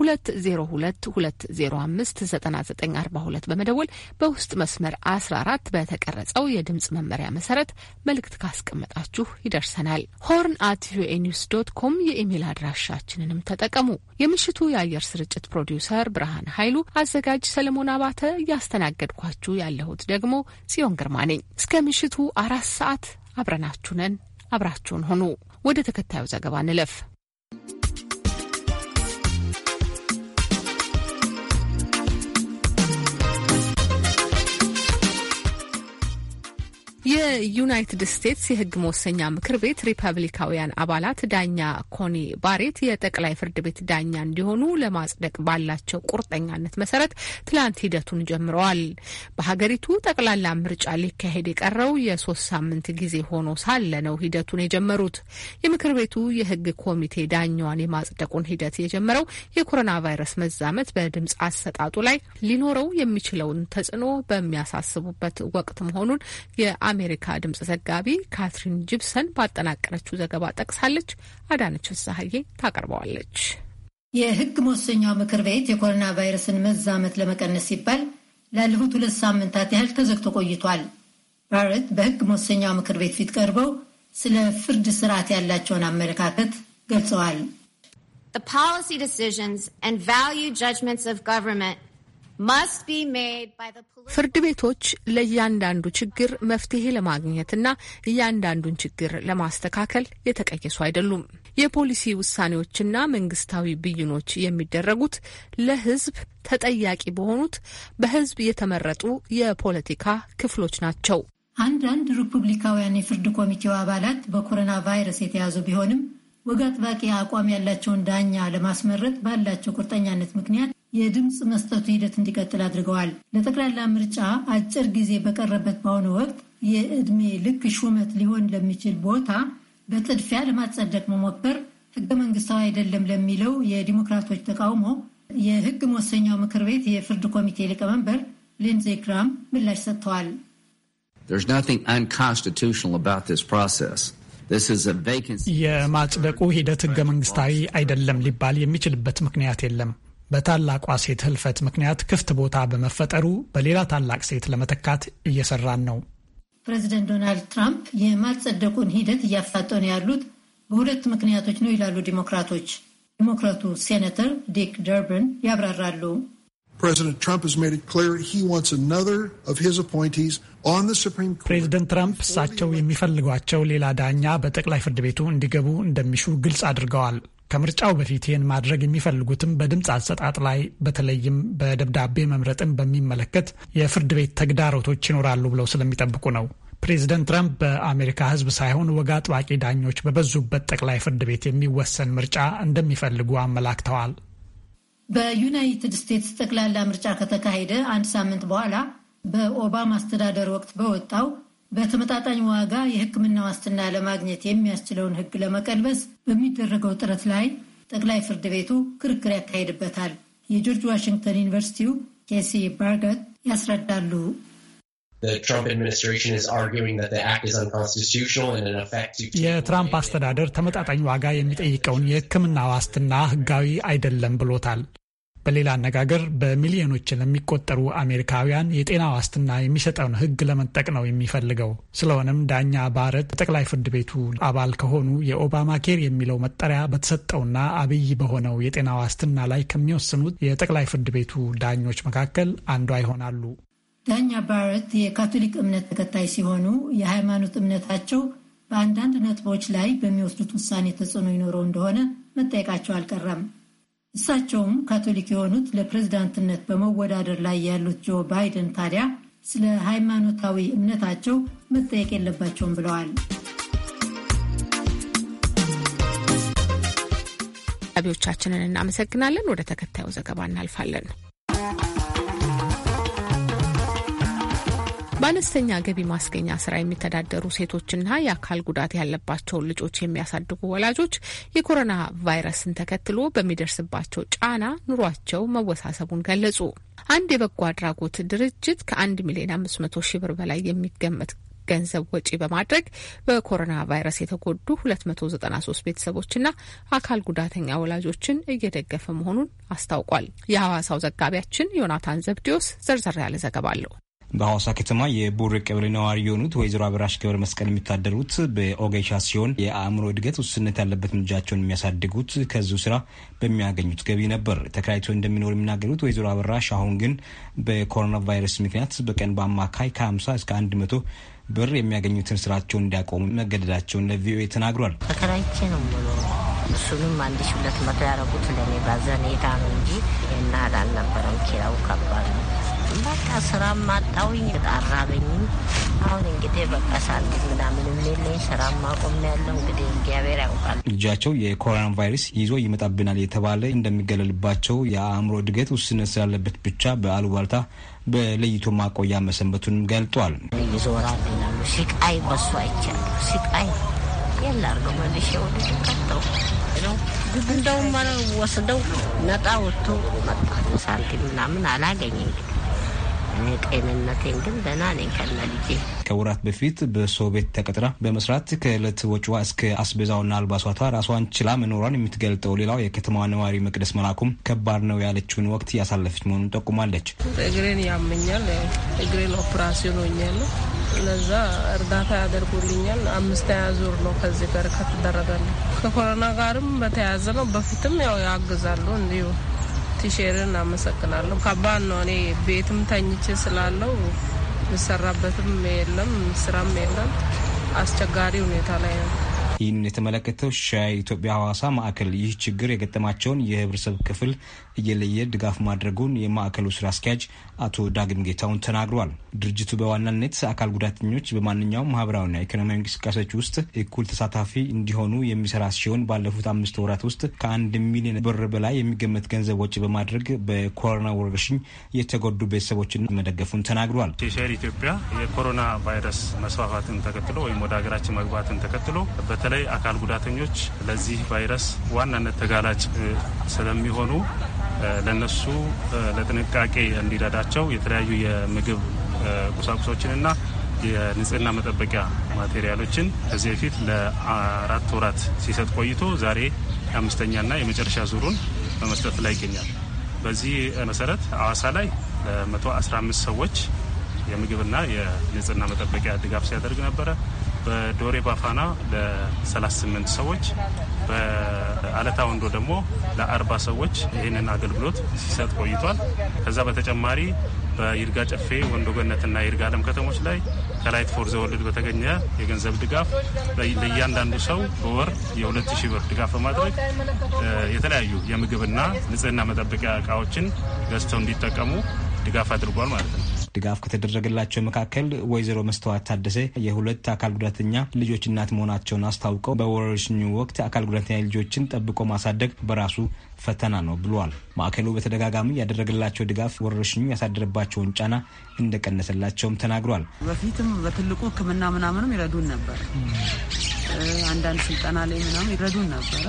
2022059942 በመደወል በውስጥ መስመር 14 በተቀረጸው የድምጽ መመሪያ መሰረት መልእክት ካስቀመጣችሁ ይደርሰናል። ሆርን አት ቪኦኤ ኒውስ ዶት ኮም የኢሜል አድራሻችንንም ተጠቀሙ። የምሽቱ የአየር ስርጭት ፕሮዲውሰር ብርሃን ኃይሉ፣ አዘጋጅ ሰለሞን አባተ፣ እያስተናገድኳችሁ ያለሁት ደግሞ ጽዮን ግርማ ነኝ። እስከ ምሽቱ አራት ሰዓት አብረናችሁ ነን። አብራችሁን ሆኑ። ወደ ተከታዩ ዘገባ እንለፍ። የዩናይትድ ስቴትስ የህግ መወሰኛ ምክር ቤት ሪፐብሊካውያን አባላት ዳኛ ኮኒ ባሬት የጠቅላይ ፍርድ ቤት ዳኛ እንዲሆኑ ለማጽደቅ ባላቸው ቁርጠኛነት መሰረት ትላንት ሂደቱን ጀምረዋል። በሀገሪቱ ጠቅላላ ምርጫ ሊካሄድ የቀረው የሶስት ሳምንት ጊዜ ሆኖ ሳለ ነው ሂደቱን የጀመሩት። የምክር ቤቱ የህግ ኮሚቴ ዳኛዋን የማጽደቁን ሂደት የጀመረው የኮሮና ቫይረስ መዛመት በድምፅ አሰጣጡ ላይ ሊኖረው የሚችለውን ተጽዕኖ በሚያሳስቡበት ወቅት መሆኑን የአሜሪካ ድምጽ ዘጋቢ ካትሪን ጂፕሰን ባጠናቀረችው ዘገባ ጠቅሳለች። አዳነች ሳህዬ ታቀርበዋለች። የህግ መወሰኛው ምክር ቤት የኮሮና ቫይረስን መዛመት ለመቀነስ ሲባል ላለፉት ሁለት ሳምንታት ያህል ተዘግቶ ቆይቷል። ባረት በህግ መወሰኛው ምክር ቤት ፊት ቀርበው ስለ ፍርድ ስርዓት ያላቸውን አመለካከት ገልጸዋል። The policy decisions and value judgments of government ፍርድ ቤቶች ለእያንዳንዱ ችግር መፍትሄ ለማግኘትና እያንዳንዱን ችግር ለማስተካከል የተቀየሱ አይደሉም። የፖሊሲ ውሳኔዎችና መንግስታዊ ብይኖች የሚደረጉት ለህዝብ ተጠያቂ በሆኑት በህዝብ የተመረጡ የፖለቲካ ክፍሎች ናቸው። አንዳንድ ሪፑብሊካውያን የፍርድ ኮሚቴው አባላት በኮሮና ቫይረስ የተያዙ ቢሆንም ወግ አጥባቂ አቋም ያላቸውን ዳኛ ለማስመረጥ ባላቸው ቁርጠኛነት ምክንያት የድምፅ መስጠቱ ሂደት እንዲቀጥል አድርገዋል። ለጠቅላላ ምርጫ አጭር ጊዜ በቀረበት በአሁኑ ወቅት የዕድሜ ልክ ሹመት ሊሆን ለሚችል ቦታ በጥድፊያ ለማጸደቅ መሞከር ሕገ መንግስታዊ አይደለም ለሚለው የዲሞክራቶች ተቃውሞ የሕግ መወሰኛው ምክር ቤት የፍርድ ኮሚቴ ሊቀመንበር ሊንዜ ግራም ምላሽ ሰጥተዋል። የማጽደቁ ሂደት ሕገ መንግስታዊ አይደለም ሊባል የሚችልበት ምክንያት የለም። በታላቋ ሴት ህልፈት ምክንያት ክፍት ቦታ በመፈጠሩ በሌላ ታላቅ ሴት ለመተካት እየሰራን ነው። ፕሬዚደንት ዶናልድ ትራምፕ የማጸደቁን ሂደት እያፋጠኑ ያሉት በሁለት ምክንያቶች ነው ይላሉ ዲሞክራቶች። ዲሞክራቱ ሴኔተር ዲክ ደርብን ያብራራሉ። ፕሬዚደንት ትራምፕ እሳቸው የሚፈልጓቸው ሌላ ዳኛ በጠቅላይ ፍርድ ቤቱ እንዲገቡ እንደሚሹ ግልጽ አድርገዋል። ከምርጫው በፊት ይህን ማድረግ የሚፈልጉትም በድምፅ አሰጣጥ ላይ በተለይም በደብዳቤ መምረጥን በሚመለከት የፍርድ ቤት ተግዳሮቶች ይኖራሉ ብለው ስለሚጠብቁ ነው። ፕሬዚደንት ትራምፕ በአሜሪካ ሕዝብ ሳይሆን ወግ አጥባቂ ዳኞች በበዙበት ጠቅላይ ፍርድ ቤት የሚወሰን ምርጫ እንደሚፈልጉ አመላክተዋል። በዩናይትድ ስቴትስ ጠቅላላ ምርጫ ከተካሄደ አንድ ሳምንት በኋላ በኦባማ አስተዳደር ወቅት በወጣው በተመጣጣኝ ዋጋ የሕክምና ዋስትና ለማግኘት የሚያስችለውን ሕግ ለመቀልበስ በሚደረገው ጥረት ላይ ጠቅላይ ፍርድ ቤቱ ክርክር ያካሄድበታል። የጆርጅ ዋሽንግተን ዩኒቨርሲቲው ኬሲ ባርገት ያስረዳሉ። የትራምፕ አስተዳደር ተመጣጣኝ ዋጋ የሚጠይቀውን የህክምና ዋስትና ህጋዊ አይደለም ብሎታል። በሌላ አነጋገር በሚሊዮኖች ለሚቆጠሩ አሜሪካውያን የጤና ዋስትና የሚሰጠውን ሕግ ለመንጠቅ ነው የሚፈልገው። ስለሆነም ዳኛ ባረት ጠቅላይ ፍርድ ቤቱ አባል ከሆኑ የኦባማ ኬር የሚለው መጠሪያ በተሰጠውና አብይ በሆነው የጤና ዋስትና ላይ ከሚወስኑት የጠቅላይ ፍርድ ቤቱ ዳኞች መካከል አንዷ ይሆናሉ። ዳኛ ባረት የካቶሊክ እምነት ተከታይ ሲሆኑ የሃይማኖት እምነታቸው በአንዳንድ ነጥቦች ላይ በሚወስዱት ውሳኔ ተጽዕኖ ይኖረው እንደሆነ መጠየቃቸው አልቀረም። እሳቸውም ካቶሊክ የሆኑት ለፕሬዝዳንትነት በመወዳደር ላይ ያሉት ጆ ባይደን ታዲያ ስለ ሃይማኖታዊ እምነታቸው መጠየቅ የለባቸውም ብለዋል። ቢዎቻችንን እናመሰግናለን። ወደ ተከታዩ ዘገባ እናልፋለን። በአነስተኛ ገቢ ማስገኛ ስራ የሚተዳደሩ ሴቶችና የአካል ጉዳት ያለባቸውን ልጆች የሚያሳድጉ ወላጆች የኮሮና ቫይረስን ተከትሎ በሚደርስባቸው ጫና ኑሯቸው መወሳሰቡን ገለጹ። አንድ የበጎ አድራጎት ድርጅት ከአንድ ሚሊዮን አምስት መቶ ሺህ ብር በላይ የሚገመት ገንዘብ ወጪ በማድረግ በኮሮና ቫይረስ የተጎዱ 293 ቤተሰቦችና አካል ጉዳተኛ ወላጆችን እየደገፈ መሆኑን አስታውቋል። የሐዋሳው ዘጋቢያችን ዮናታን ዘብዲዮስ ዘርዘር ያለ ዘገባ አለው። በሐዋሳ ከተማ የቡሬ ቀበሌ ነዋሪ የሆኑት ወይዘሮ አበራሽ ገብረ መስቀል የሚታደሩት በኦጌሻ ሲሆን የአእምሮ እድገት ውስንነት ያለበት ልጃቸውን የሚያሳድጉት ከዚሁ ስራ በሚያገኙት ገቢ ነበር። ተከራይቶ እንደሚኖር የሚናገሩት ወይዘሮ አበራሽ አሁን ግን በኮሮና ቫይረስ ምክንያት በቀን በአማካይ ከ50 እስከ 100 ብር የሚያገኙትን ስራቸውን እንዲያቆሙ መገደዳቸውን ለቪኦኤ ተናግሯል። ተከራይቼ ነው እሱንም አንድ ሺህ ሁለት መቶ ያደረጉት ለኔ ባዘኔታ ነው እንጂ እናህል አልነበረም። ኪራዩ ከባድ ነው። በቃ ስራ ማጣውኝ አራበኝም። አሁን እንግዲህ በቃ ሳንቲም ምናምንም ሌለኝ ስራ ማቆም ያለው እንግዲህ እግዚአብሔር ያውቃል። ልጃቸው የኮሮና ቫይረስ ይዞ ይመጣብናል የተባለ እንደሚገለልባቸው የአእምሮ እድገት ውስንነት ስላለበት ብቻ በአሉባልታ በለይቶ ማቆያ መሰንበቱን ገልጧል። ይዞራል ይላሉ። ስቃይ በሱ አይቻሉ ስቃይ የላርገው መልሽ ወደ ቀጠው እንደውም ወስደው ነጣ ወጥቶ መጣ ሳንቲም ምናምን አላገኝ እንግዲህ እኔ ጤንነቴን ግን ደህና ነኝ ከነ ልጄ። ከወራት በፊት በሰው ቤት ተቀጥራ በመስራት ከእለት ወጪዋ እስከ አስቤዛውና አልባሷቷ ራሷን ችላ መኖሯን የምትገልጠው ሌላው የከተማዋ ነዋሪ መቅደስ መላኩም ከባድ ነው ያለችውን ወቅት እያሳለፈች መሆኑን ጠቁማለች። እግሬን ያመኛል። እግሬን ኦፕራሲዮን ሆኛለሁ። ለዛ እርዳታ ያደርጉልኛል። አምስተኛ ዙር ነው ከዚህ ጋር ከተደረገ ከኮሮና ጋርም በተያያዘ ነው። በፊትም ያው ያግዛሉ እንዲሁ ቲሼርን አመሰግናለሁ። ከባድ ነው። እኔ ቤትም ተኝቼ ስላለው የምሰራበትም የለም ስራም የለም አስቸጋሪ ሁኔታ ላይ ነው። ይህን የተመለከተው ሻይ ኢትዮጵያ ሐዋሳ ማዕከል ይህ ችግር የገጠማቸውን የህብረተሰብ ክፍል እየለየ ድጋፍ ማድረጉን የማዕከሉ ስራ አስኪያጅ አቶ ዳግም ጌታውን ተናግሯል። ድርጅቱ በዋናነት አካል ጉዳተኞች በማንኛውም ማህበራዊና ኢኮኖሚያዊ እንቅስቃሴዎች ውስጥ እኩል ተሳታፊ እንዲሆኑ የሚሰራ ሲሆን ባለፉት አምስት ወራት ውስጥ ከአንድ ሚሊዮን ብር በላይ የሚገመት ገንዘብ ወጪ በማድረግ በኮሮና ወረርሽኝ የተጎዱ ቤተሰቦችን መደገፉን ተናግሯል። ሼር ኢትዮጵያ የኮሮና ቫይረስ መስፋፋትን ተከትሎ ወይም ወደ ሀገራችን መግባትን ተከትሎ በተለይ አካል ጉዳተኞች ለዚህ ቫይረስ ዋናነት ተጋላጭ ስለሚሆኑ ለነሱ ለጥንቃቄ እንዲረዳቸው የተለያዩ የምግብ ቁሳቁሶችንና የንጽህና መጠበቂያ ማቴሪያሎችን ከዚህ በፊት ለአራት ወራት ሲሰጥ ቆይቶ ዛሬ የአምስተኛና የመጨረሻ ዙሩን በመስጠት ላይ ይገኛል። በዚህ መሰረት አዋሳ ላይ ለ115 ሰዎች የምግብና የንጽህና መጠበቂያ ድጋፍ ሲያደርግ ነበረ። በዶሬ ባፋና ለ38 ሰዎች በአለታ ወንዶ ደግሞ ለ40 ሰዎች ይህንን አገልግሎት ሲሰጥ ቆይቷል። ከዛ በተጨማሪ በይርጋ ጨፌ ወንዶ ገነትና ይርጋ አለም ከተሞች ላይ ከላይት ፎር ዘወልድ በተገኘ የገንዘብ ድጋፍ ለእያንዳንዱ ሰው በወር የ ሺህ ብር ድጋፍ በማድረግ የተለያዩ የምግብና ንጽህና መጠበቂያ እቃዎችን ገዝተው እንዲጠቀሙ ድጋፍ አድርጓል ማለት ነው። ድጋፍ ከተደረገላቸው መካከል ወይዘሮ መስተዋት ታደሰ የሁለት አካል ጉዳተኛ ልጆች እናት መሆናቸውን አስታውቀው በወረርሽኙ ወቅት አካል ጉዳተኛ ልጆችን ጠብቆ ማሳደግ በራሱ ፈተና ነው ብሏል። ማዕከሉ በተደጋጋሚ ያደረገላቸው ድጋፍ ወረርሽኙ ያሳደረባቸውን ጫና እንደቀነሰላቸውም ተናግሯል። በፊትም በትልቁ ሕክምና ምናምንም ይረዱን ነበር። አንዳንድ ስልጠና ላይ ምናምን ይረዱን ነበረ።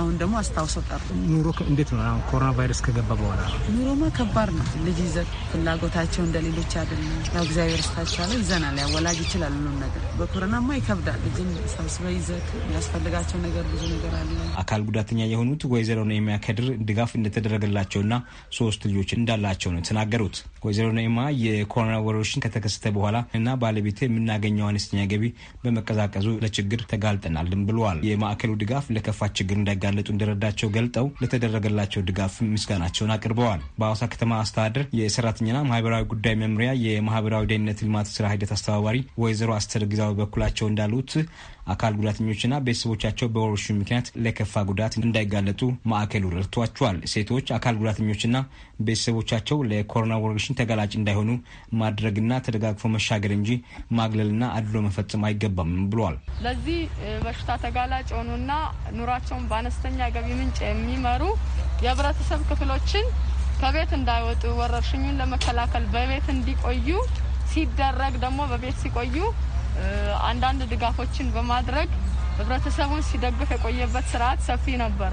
አሁን ደግሞ አስታውሰው ጠር ኑሮ እንዴት ነው? ኮሮና ቫይረስ ከገባ በኋላ ኑሮማ ከባድ ነው። ልጅ ይዘት ፍላጎታቸው እንደ ሌሎች አይደለም። ያው እግዚአብሔር ስታቻለ ይዘናል። ያው ወላጅ ይችላል ሁሉም ነገር። በኮሮናማ ይከብዳል። ልጅን ሰብስበ ይዘት የሚያስፈልጋቸው ነገር ብዙ ነገር አለ። አካል ጉዳተኛ የሆኑት ወይዘሮ ነሚያ የሚያከድር ድጋፍ እንደተደረገ እንደተደረገላቸውና ሶስት ልጆች እንዳላቸው ነው የተናገሩት። ወይዘሮ ነኢማ የኮሮና ወረርሽኝ ከተከሰተ በኋላ እና ባለቤት የምናገኘው አነስተኛ ገቢ በመቀዛቀዙ ለችግር ተጋልጠናልም ብለዋል። የማዕከሉ ድጋፍ ለከፋ ችግር እንዳይጋለጡ እንደረዳቸው ገልጠው ለተደረገላቸው ድጋፍ ምስጋናቸውን አቅርበዋል። በአዋሳ ከተማ አስተዳደር የሰራተኛና ማህበራዊ ጉዳይ መምሪያ የማህበራዊ ደህንነት ልማት ስራ ሂደት አስተባባሪ ወይዘሮ አስተር ግዛው በኩላቸው እንዳሉት አካል ጉዳተኞችና ቤተሰቦቻቸው በወረርሽኙ ምክንያት ለከፋ ጉዳት እንዳይጋለጡ ማዕከሉ ረድቷቸዋል። ሴቶች፣ አካል ጉዳተኞችና ቤተሰቦቻቸው ለኮሮና ወረርሽኝ ተጋላጭ እንዳይሆኑ ማድረግና ተደጋግፎ መሻገር እንጂ ማግለልና አድሎ መፈጸም አይገባም ብሏል። ለዚህ በሽታ ተጋላጭ የሆኑና ኑሯቸውን በአነስተኛ ገቢ ምንጭ የሚመሩ የህብረተሰብ ክፍሎችን ከቤት እንዳይወጡ ወረርሽኙን ለመከላከል በቤት እንዲቆዩ ሲደረግ ደግሞ በቤት ሲቆዩ አንዳንድ ድጋፎችን በማድረግ ህብረተሰቡን ሲደግፍ የቆየበት ስርዓት ሰፊ ነበር።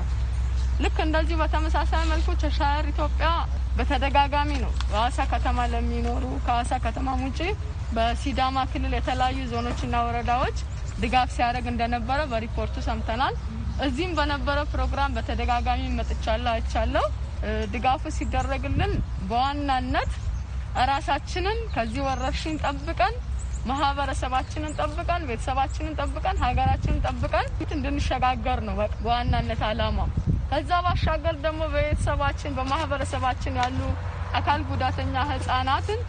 ልክ እንደዚሁ በተመሳሳይ መልኩ ቸሻየር ኢትዮጵያ በተደጋጋሚ ነው በሀዋሳ ከተማ ለሚኖሩ ከሀዋሳ ከተማም ውጪ በሲዳማ ክልል የተለያዩ ዞኖችና ወረዳዎች ድጋፍ ሲያደርግ እንደነበረ በሪፖርቱ ሰምተናል። እዚህም በነበረ ፕሮግራም በተደጋጋሚ መጥቻለሁ፣ አይቻለሁ። ድጋፉ ሲደረግልን በዋናነት እራሳችንን ከዚህ ወረርሽኝ ጠብቀን ማህበረሰባችንን ጠብቀን ቤተሰባችንን ጠብቀን ሀገራችንን ጠብቀን እንድንሸጋገር ነው በዋናነት አላማው። ከዛ ባሻገር ደግሞ በቤተሰባችን በማህበረሰባችን ያሉ አካል ጉዳተኛ ህጻናትን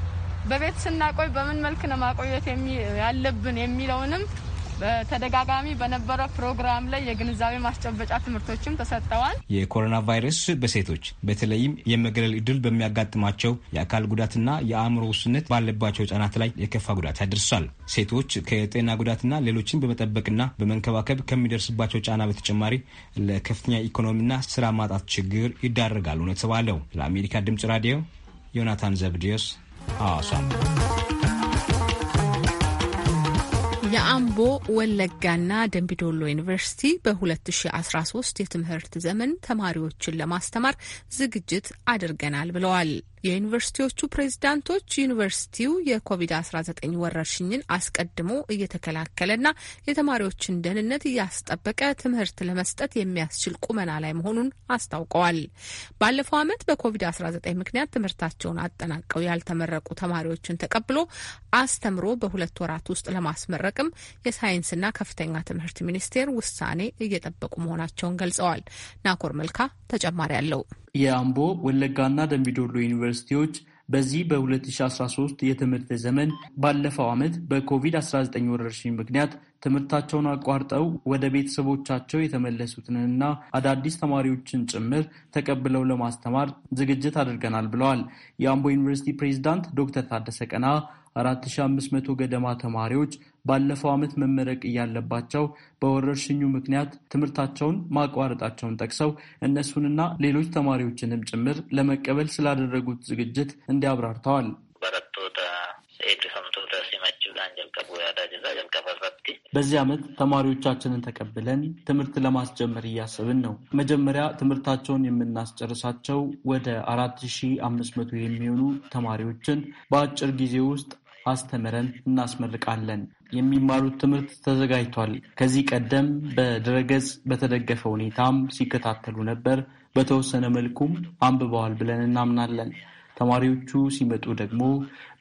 በቤት ስናቆይ በምን መልክ ነው ማቆየት ያለብን የሚለውንም በተደጋጋሚ በነበረ ፕሮግራም ላይ የግንዛቤ ማስጨበጫ ትምህርቶችም ተሰጥተዋል። የኮሮና ቫይረስ በሴቶች በተለይም የመገለል እድል በሚያጋጥማቸው የአካል ጉዳትና የአእምሮ ውስነት ባለባቸው ህጻናት ላይ የከፋ ጉዳት ያደርሳል። ሴቶች ከጤና ጉዳትና ሌሎችን በመጠበቅና በመንከባከብ ከሚደርስባቸው ጫና በተጨማሪ ለከፍተኛ ኢኮኖሚና ስራ ማጣት ችግር ይዳረጋሉ ነው የተባለው። ለአሜሪካ ድምጽ ራዲዮ ዮናታን ዘብዲዮስ አዋሳም የአምቦ ወለጋና ደንቢዶሎ ዩኒቨርሲቲ በ2013 የትምህርት ዘመን ተማሪዎችን ለማስተማር ዝግጅት አድርገናል ብለዋል። የዩኒቨርሲቲዎቹ ፕሬዚዳንቶች ዩኒቨርሲቲው የኮቪድ-19 ወረርሽኝን አስቀድሞ እየተከላከለና የተማሪዎችን ደህንነት እያስጠበቀ ትምህርት ለመስጠት የሚያስችል ቁመና ላይ መሆኑን አስታውቀዋል። ባለፈው ዓመት በኮቪድ-19 ምክንያት ትምህርታቸውን አጠናቀው ያልተመረቁ ተማሪዎችን ተቀብሎ አስተምሮ በሁለት ወራት ውስጥ ለማስመረቅም የሳይንስና ከፍተኛ ትምህርት ሚኒስቴር ውሳኔ እየጠበቁ መሆናቸውን ገልጸዋል። ናኮር መልካ ተጨማሪ አለው። የአምቦ ወለጋና ደምቢዶሎ ዩኒቨርሲቲዎች በዚህ በ2013 የትምህርት ዘመን ባለፈው ዓመት በኮቪድ-19 ወረርሽኝ ምክንያት ትምህርታቸውን አቋርጠው ወደ ቤተሰቦቻቸው የተመለሱትንና አዳዲስ ተማሪዎችን ጭምር ተቀብለው ለማስተማር ዝግጅት አድርገናል ብለዋል። የአምቦ ዩኒቨርሲቲ ፕሬዚዳንት ዶክተር ታደሰ ቀና 4500 ገደማ ተማሪዎች ባለፈው ዓመት መመረቅ እያለባቸው በወረርሽኙ ምክንያት ትምህርታቸውን ማቋረጣቸውን ጠቅሰው እነሱንና ሌሎች ተማሪዎችንም ጭምር ለመቀበል ስላደረጉት ዝግጅት እንዲያብራርተዋል። በዚህ ዓመት ተማሪዎቻችንን ተቀብለን ትምህርት ለማስጀመር እያሰብን ነው። መጀመሪያ ትምህርታቸውን የምናስጨርሳቸው ወደ አራት ሺህ አምስት መቶ የሚሆኑ ተማሪዎችን በአጭር ጊዜ ውስጥ አስተምረን እናስመርቃለን። የሚማሩት ትምህርት ተዘጋጅቷል። ከዚህ ቀደም በድረገጽ በተደገፈ ሁኔታም ሲከታተሉ ነበር። በተወሰነ መልኩም አንብበዋል ብለን እናምናለን። ተማሪዎቹ ሲመጡ ደግሞ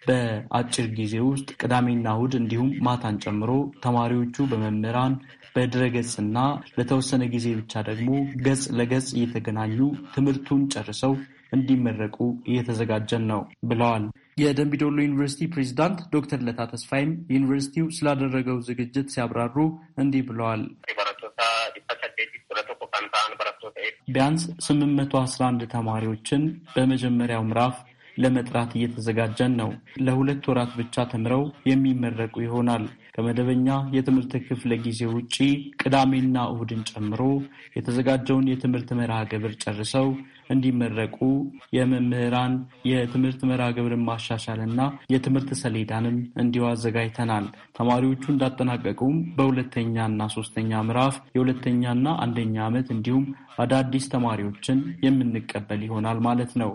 በአጭር ጊዜ ውስጥ ቅዳሜና እሁድ እንዲሁም ማታን ጨምሮ ተማሪዎቹ በመምህራን በድረገጽና ለተወሰነ ጊዜ ብቻ ደግሞ ገጽ ለገጽ እየተገናኙ ትምህርቱን ጨርሰው እንዲመረቁ እየተዘጋጀን ነው ብለዋል። የደንቢዶሎ ዩኒቨርሲቲ ፕሬዚዳንት ዶክተር ለታ ተስፋይም ዩኒቨርሲቲው ስላደረገው ዝግጅት ሲያብራሩ እንዲህ ብለዋል። ቢያንስ ስምንት መቶ አስራ አንድ ተማሪዎችን በመጀመሪያው ምዕራፍ ለመጥራት እየተዘጋጀን ነው። ለሁለት ወራት ብቻ ተምረው የሚመረቁ ይሆናል። ከመደበኛ የትምህርት ክፍለ ጊዜ ውጪ ቅዳሜና እሁድን ጨምሮ የተዘጋጀውን የትምህርት መርሃ ግብር ጨርሰው እንዲመረቁ የመምህራን የትምህርት መርሃ ግብርን ማሻሻልና የትምህርት ሰሌዳንም እንዲሁ አዘጋጅተናል። ተማሪዎቹ እንዳጠናቀቁም በሁለተኛና ሶስተኛ ምዕራፍ የሁለተኛና አንደኛ ዓመት እንዲሁም አዳዲስ ተማሪዎችን የምንቀበል ይሆናል ማለት ነው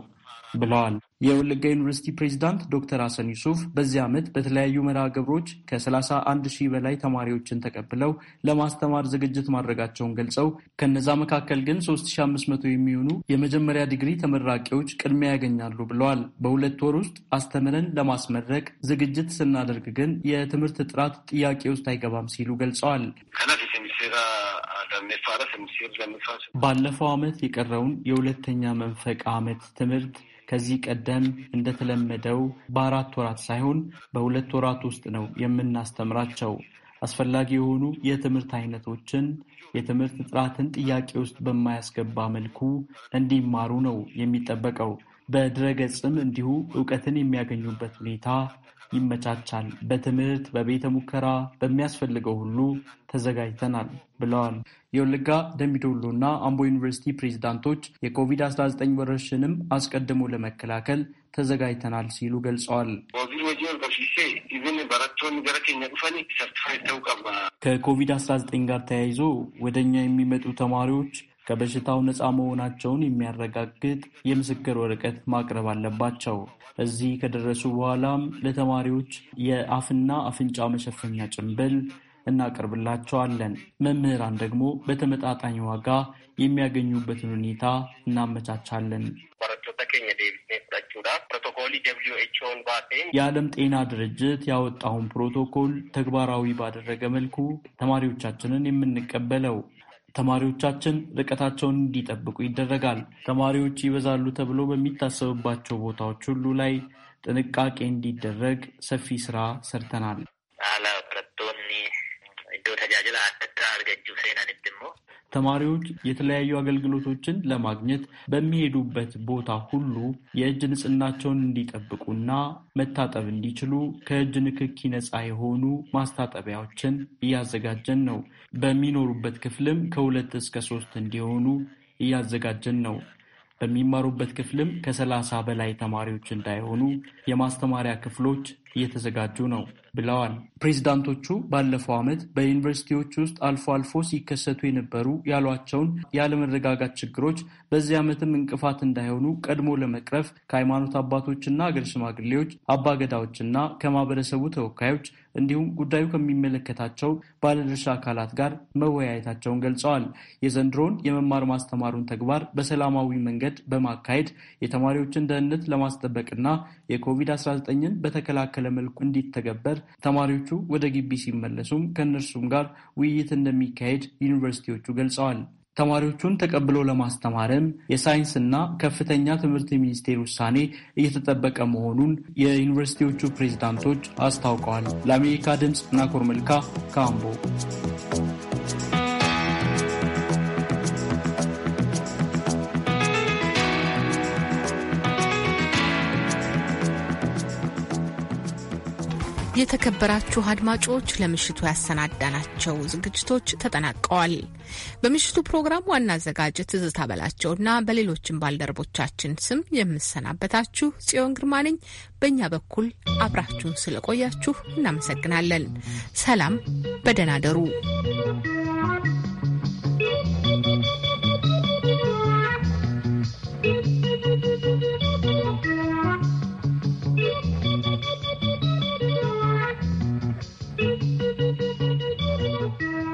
ብለዋል። የወለጋ ዩኒቨርሲቲ ፕሬዚዳንት ዶክተር ሀሰን ዩሱፍ በዚህ ዓመት በተለያዩ መርሃ ግብሮች ከ31 ሺህ በላይ ተማሪዎችን ተቀብለው ለማስተማር ዝግጅት ማድረጋቸውን ገልጸው ከነዛ መካከል ግን 3500 የሚሆኑ የመጀመሪያ ዲግሪ ተመራቂዎች ቅድሚያ ያገኛሉ ብለዋል። በሁለት ወር ውስጥ አስተምረን ለማስመረቅ ዝግጅት ስናደርግ ግን የትምህርት ጥራት ጥያቄ ውስጥ አይገባም ሲሉ ገልጸዋል። ባለፈው ዓመት የቀረውን የሁለተኛ መንፈቅ ዓመት ትምህርት ከዚህ ቀደም እንደተለመደው በአራት ወራት ሳይሆን በሁለት ወራት ውስጥ ነው የምናስተምራቸው። አስፈላጊ የሆኑ የትምህርት አይነቶችን የትምህርት ጥራትን ጥያቄ ውስጥ በማያስገባ መልኩ እንዲማሩ ነው የሚጠበቀው። በድረገጽም እንዲሁ እውቀትን የሚያገኙበት ሁኔታ ይመቻቻል። በትምህርት በቤተ ሙከራ በሚያስፈልገው ሁሉ ተዘጋጅተናል ብለዋል። የወለጋ ደምቢዶሎ እና አምቦ ዩኒቨርሲቲ ፕሬዚዳንቶች የኮቪድ-19 ወረርሽንም አስቀድሞ ለመከላከል ተዘጋጅተናል ሲሉ ገልጸዋል። ከኮቪድ-19 ጋር ተያይዞ ወደ እኛ የሚመጡ ተማሪዎች ከበሽታው ነፃ መሆናቸውን የሚያረጋግጥ የምስክር ወረቀት ማቅረብ አለባቸው። እዚህ ከደረሱ በኋላም ለተማሪዎች የአፍና አፍንጫ መሸፈኛ ጭንብል እናቀርብላቸዋለን። መምህራን ደግሞ በተመጣጣኝ ዋጋ የሚያገኙበትን ሁኔታ እናመቻቻለን። የዓለም ጤና ድርጅት ያወጣውን ፕሮቶኮል ተግባራዊ ባደረገ መልኩ ተማሪዎቻችንን የምንቀበለው ተማሪዎቻችን ርቀታቸውን እንዲጠብቁ ይደረጋል። ተማሪዎች ይበዛሉ ተብሎ በሚታሰብባቸው ቦታዎች ሁሉ ላይ ጥንቃቄ እንዲደረግ ሰፊ ስራ ሰርተናል። ተማሪዎች የተለያዩ አገልግሎቶችን ለማግኘት በሚሄዱበት ቦታ ሁሉ የእጅ ንጽህናቸውን እንዲጠብቁና መታጠብ እንዲችሉ ከእጅ ንክኪ ነፃ የሆኑ ማስታጠቢያዎችን እያዘጋጀን ነው። በሚኖሩበት ክፍልም ከሁለት እስከ ሶስት እንዲሆኑ እያዘጋጀን ነው። በሚማሩበት ክፍልም ከሰላሳ በላይ ተማሪዎች እንዳይሆኑ የማስተማሪያ ክፍሎች እየተዘጋጁ ነው ብለዋል። ፕሬዚዳንቶቹ ባለፈው ዓመት በዩኒቨርሲቲዎች ውስጥ አልፎ አልፎ ሲከሰቱ የነበሩ ያሏቸውን ያለመረጋጋት ችግሮች በዚህ ዓመትም እንቅፋት እንዳይሆኑ ቀድሞ ለመቅረፍ ከሃይማኖት አባቶችና አገር ሽማግሌዎች፣ አባገዳዎችና ከማህበረሰቡ ተወካዮች እንዲሁም ጉዳዩ ከሚመለከታቸው ባለድርሻ አካላት ጋር መወያየታቸውን ገልጸዋል። የዘንድሮውን የመማር ማስተማሩን ተግባር በሰላማዊ መንገድ በማካሄድ የተማሪዎችን ደህንነት ለማስጠበቅና የኮቪድ-19ን በተከላከለ መልኩ እንዲተገበር ተማሪዎቹ ወደ ግቢ ሲመለሱም ከእነርሱም ጋር ውይይት እንደሚካሄድ ዩኒቨርሲቲዎቹ ገልጸዋል። ተማሪዎቹን ተቀብሎ ለማስተማርም የሳይንስና ከፍተኛ ትምህርት ሚኒስቴር ውሳኔ እየተጠበቀ መሆኑን የዩኒቨርሲቲዎቹ ፕሬዝዳንቶች አስታውቀዋል። ለአሜሪካ ድምፅ ናኮር መልካ ካምቦ የተከበራችሁ አድማጮች ለምሽቱ ያሰናዳናቸው ዝግጅቶች ተጠናቀዋል። በምሽቱ ፕሮግራም ዋና አዘጋጅ ትዝታ በላቸውና በሌሎችም ባልደረቦቻችን ስም የምሰናበታችሁ ጽዮን ግርማ ነኝ። በእኛ በኩል አብራችሁን ስለቆያችሁ እናመሰግናለን። ሰላም፣ በደህና you.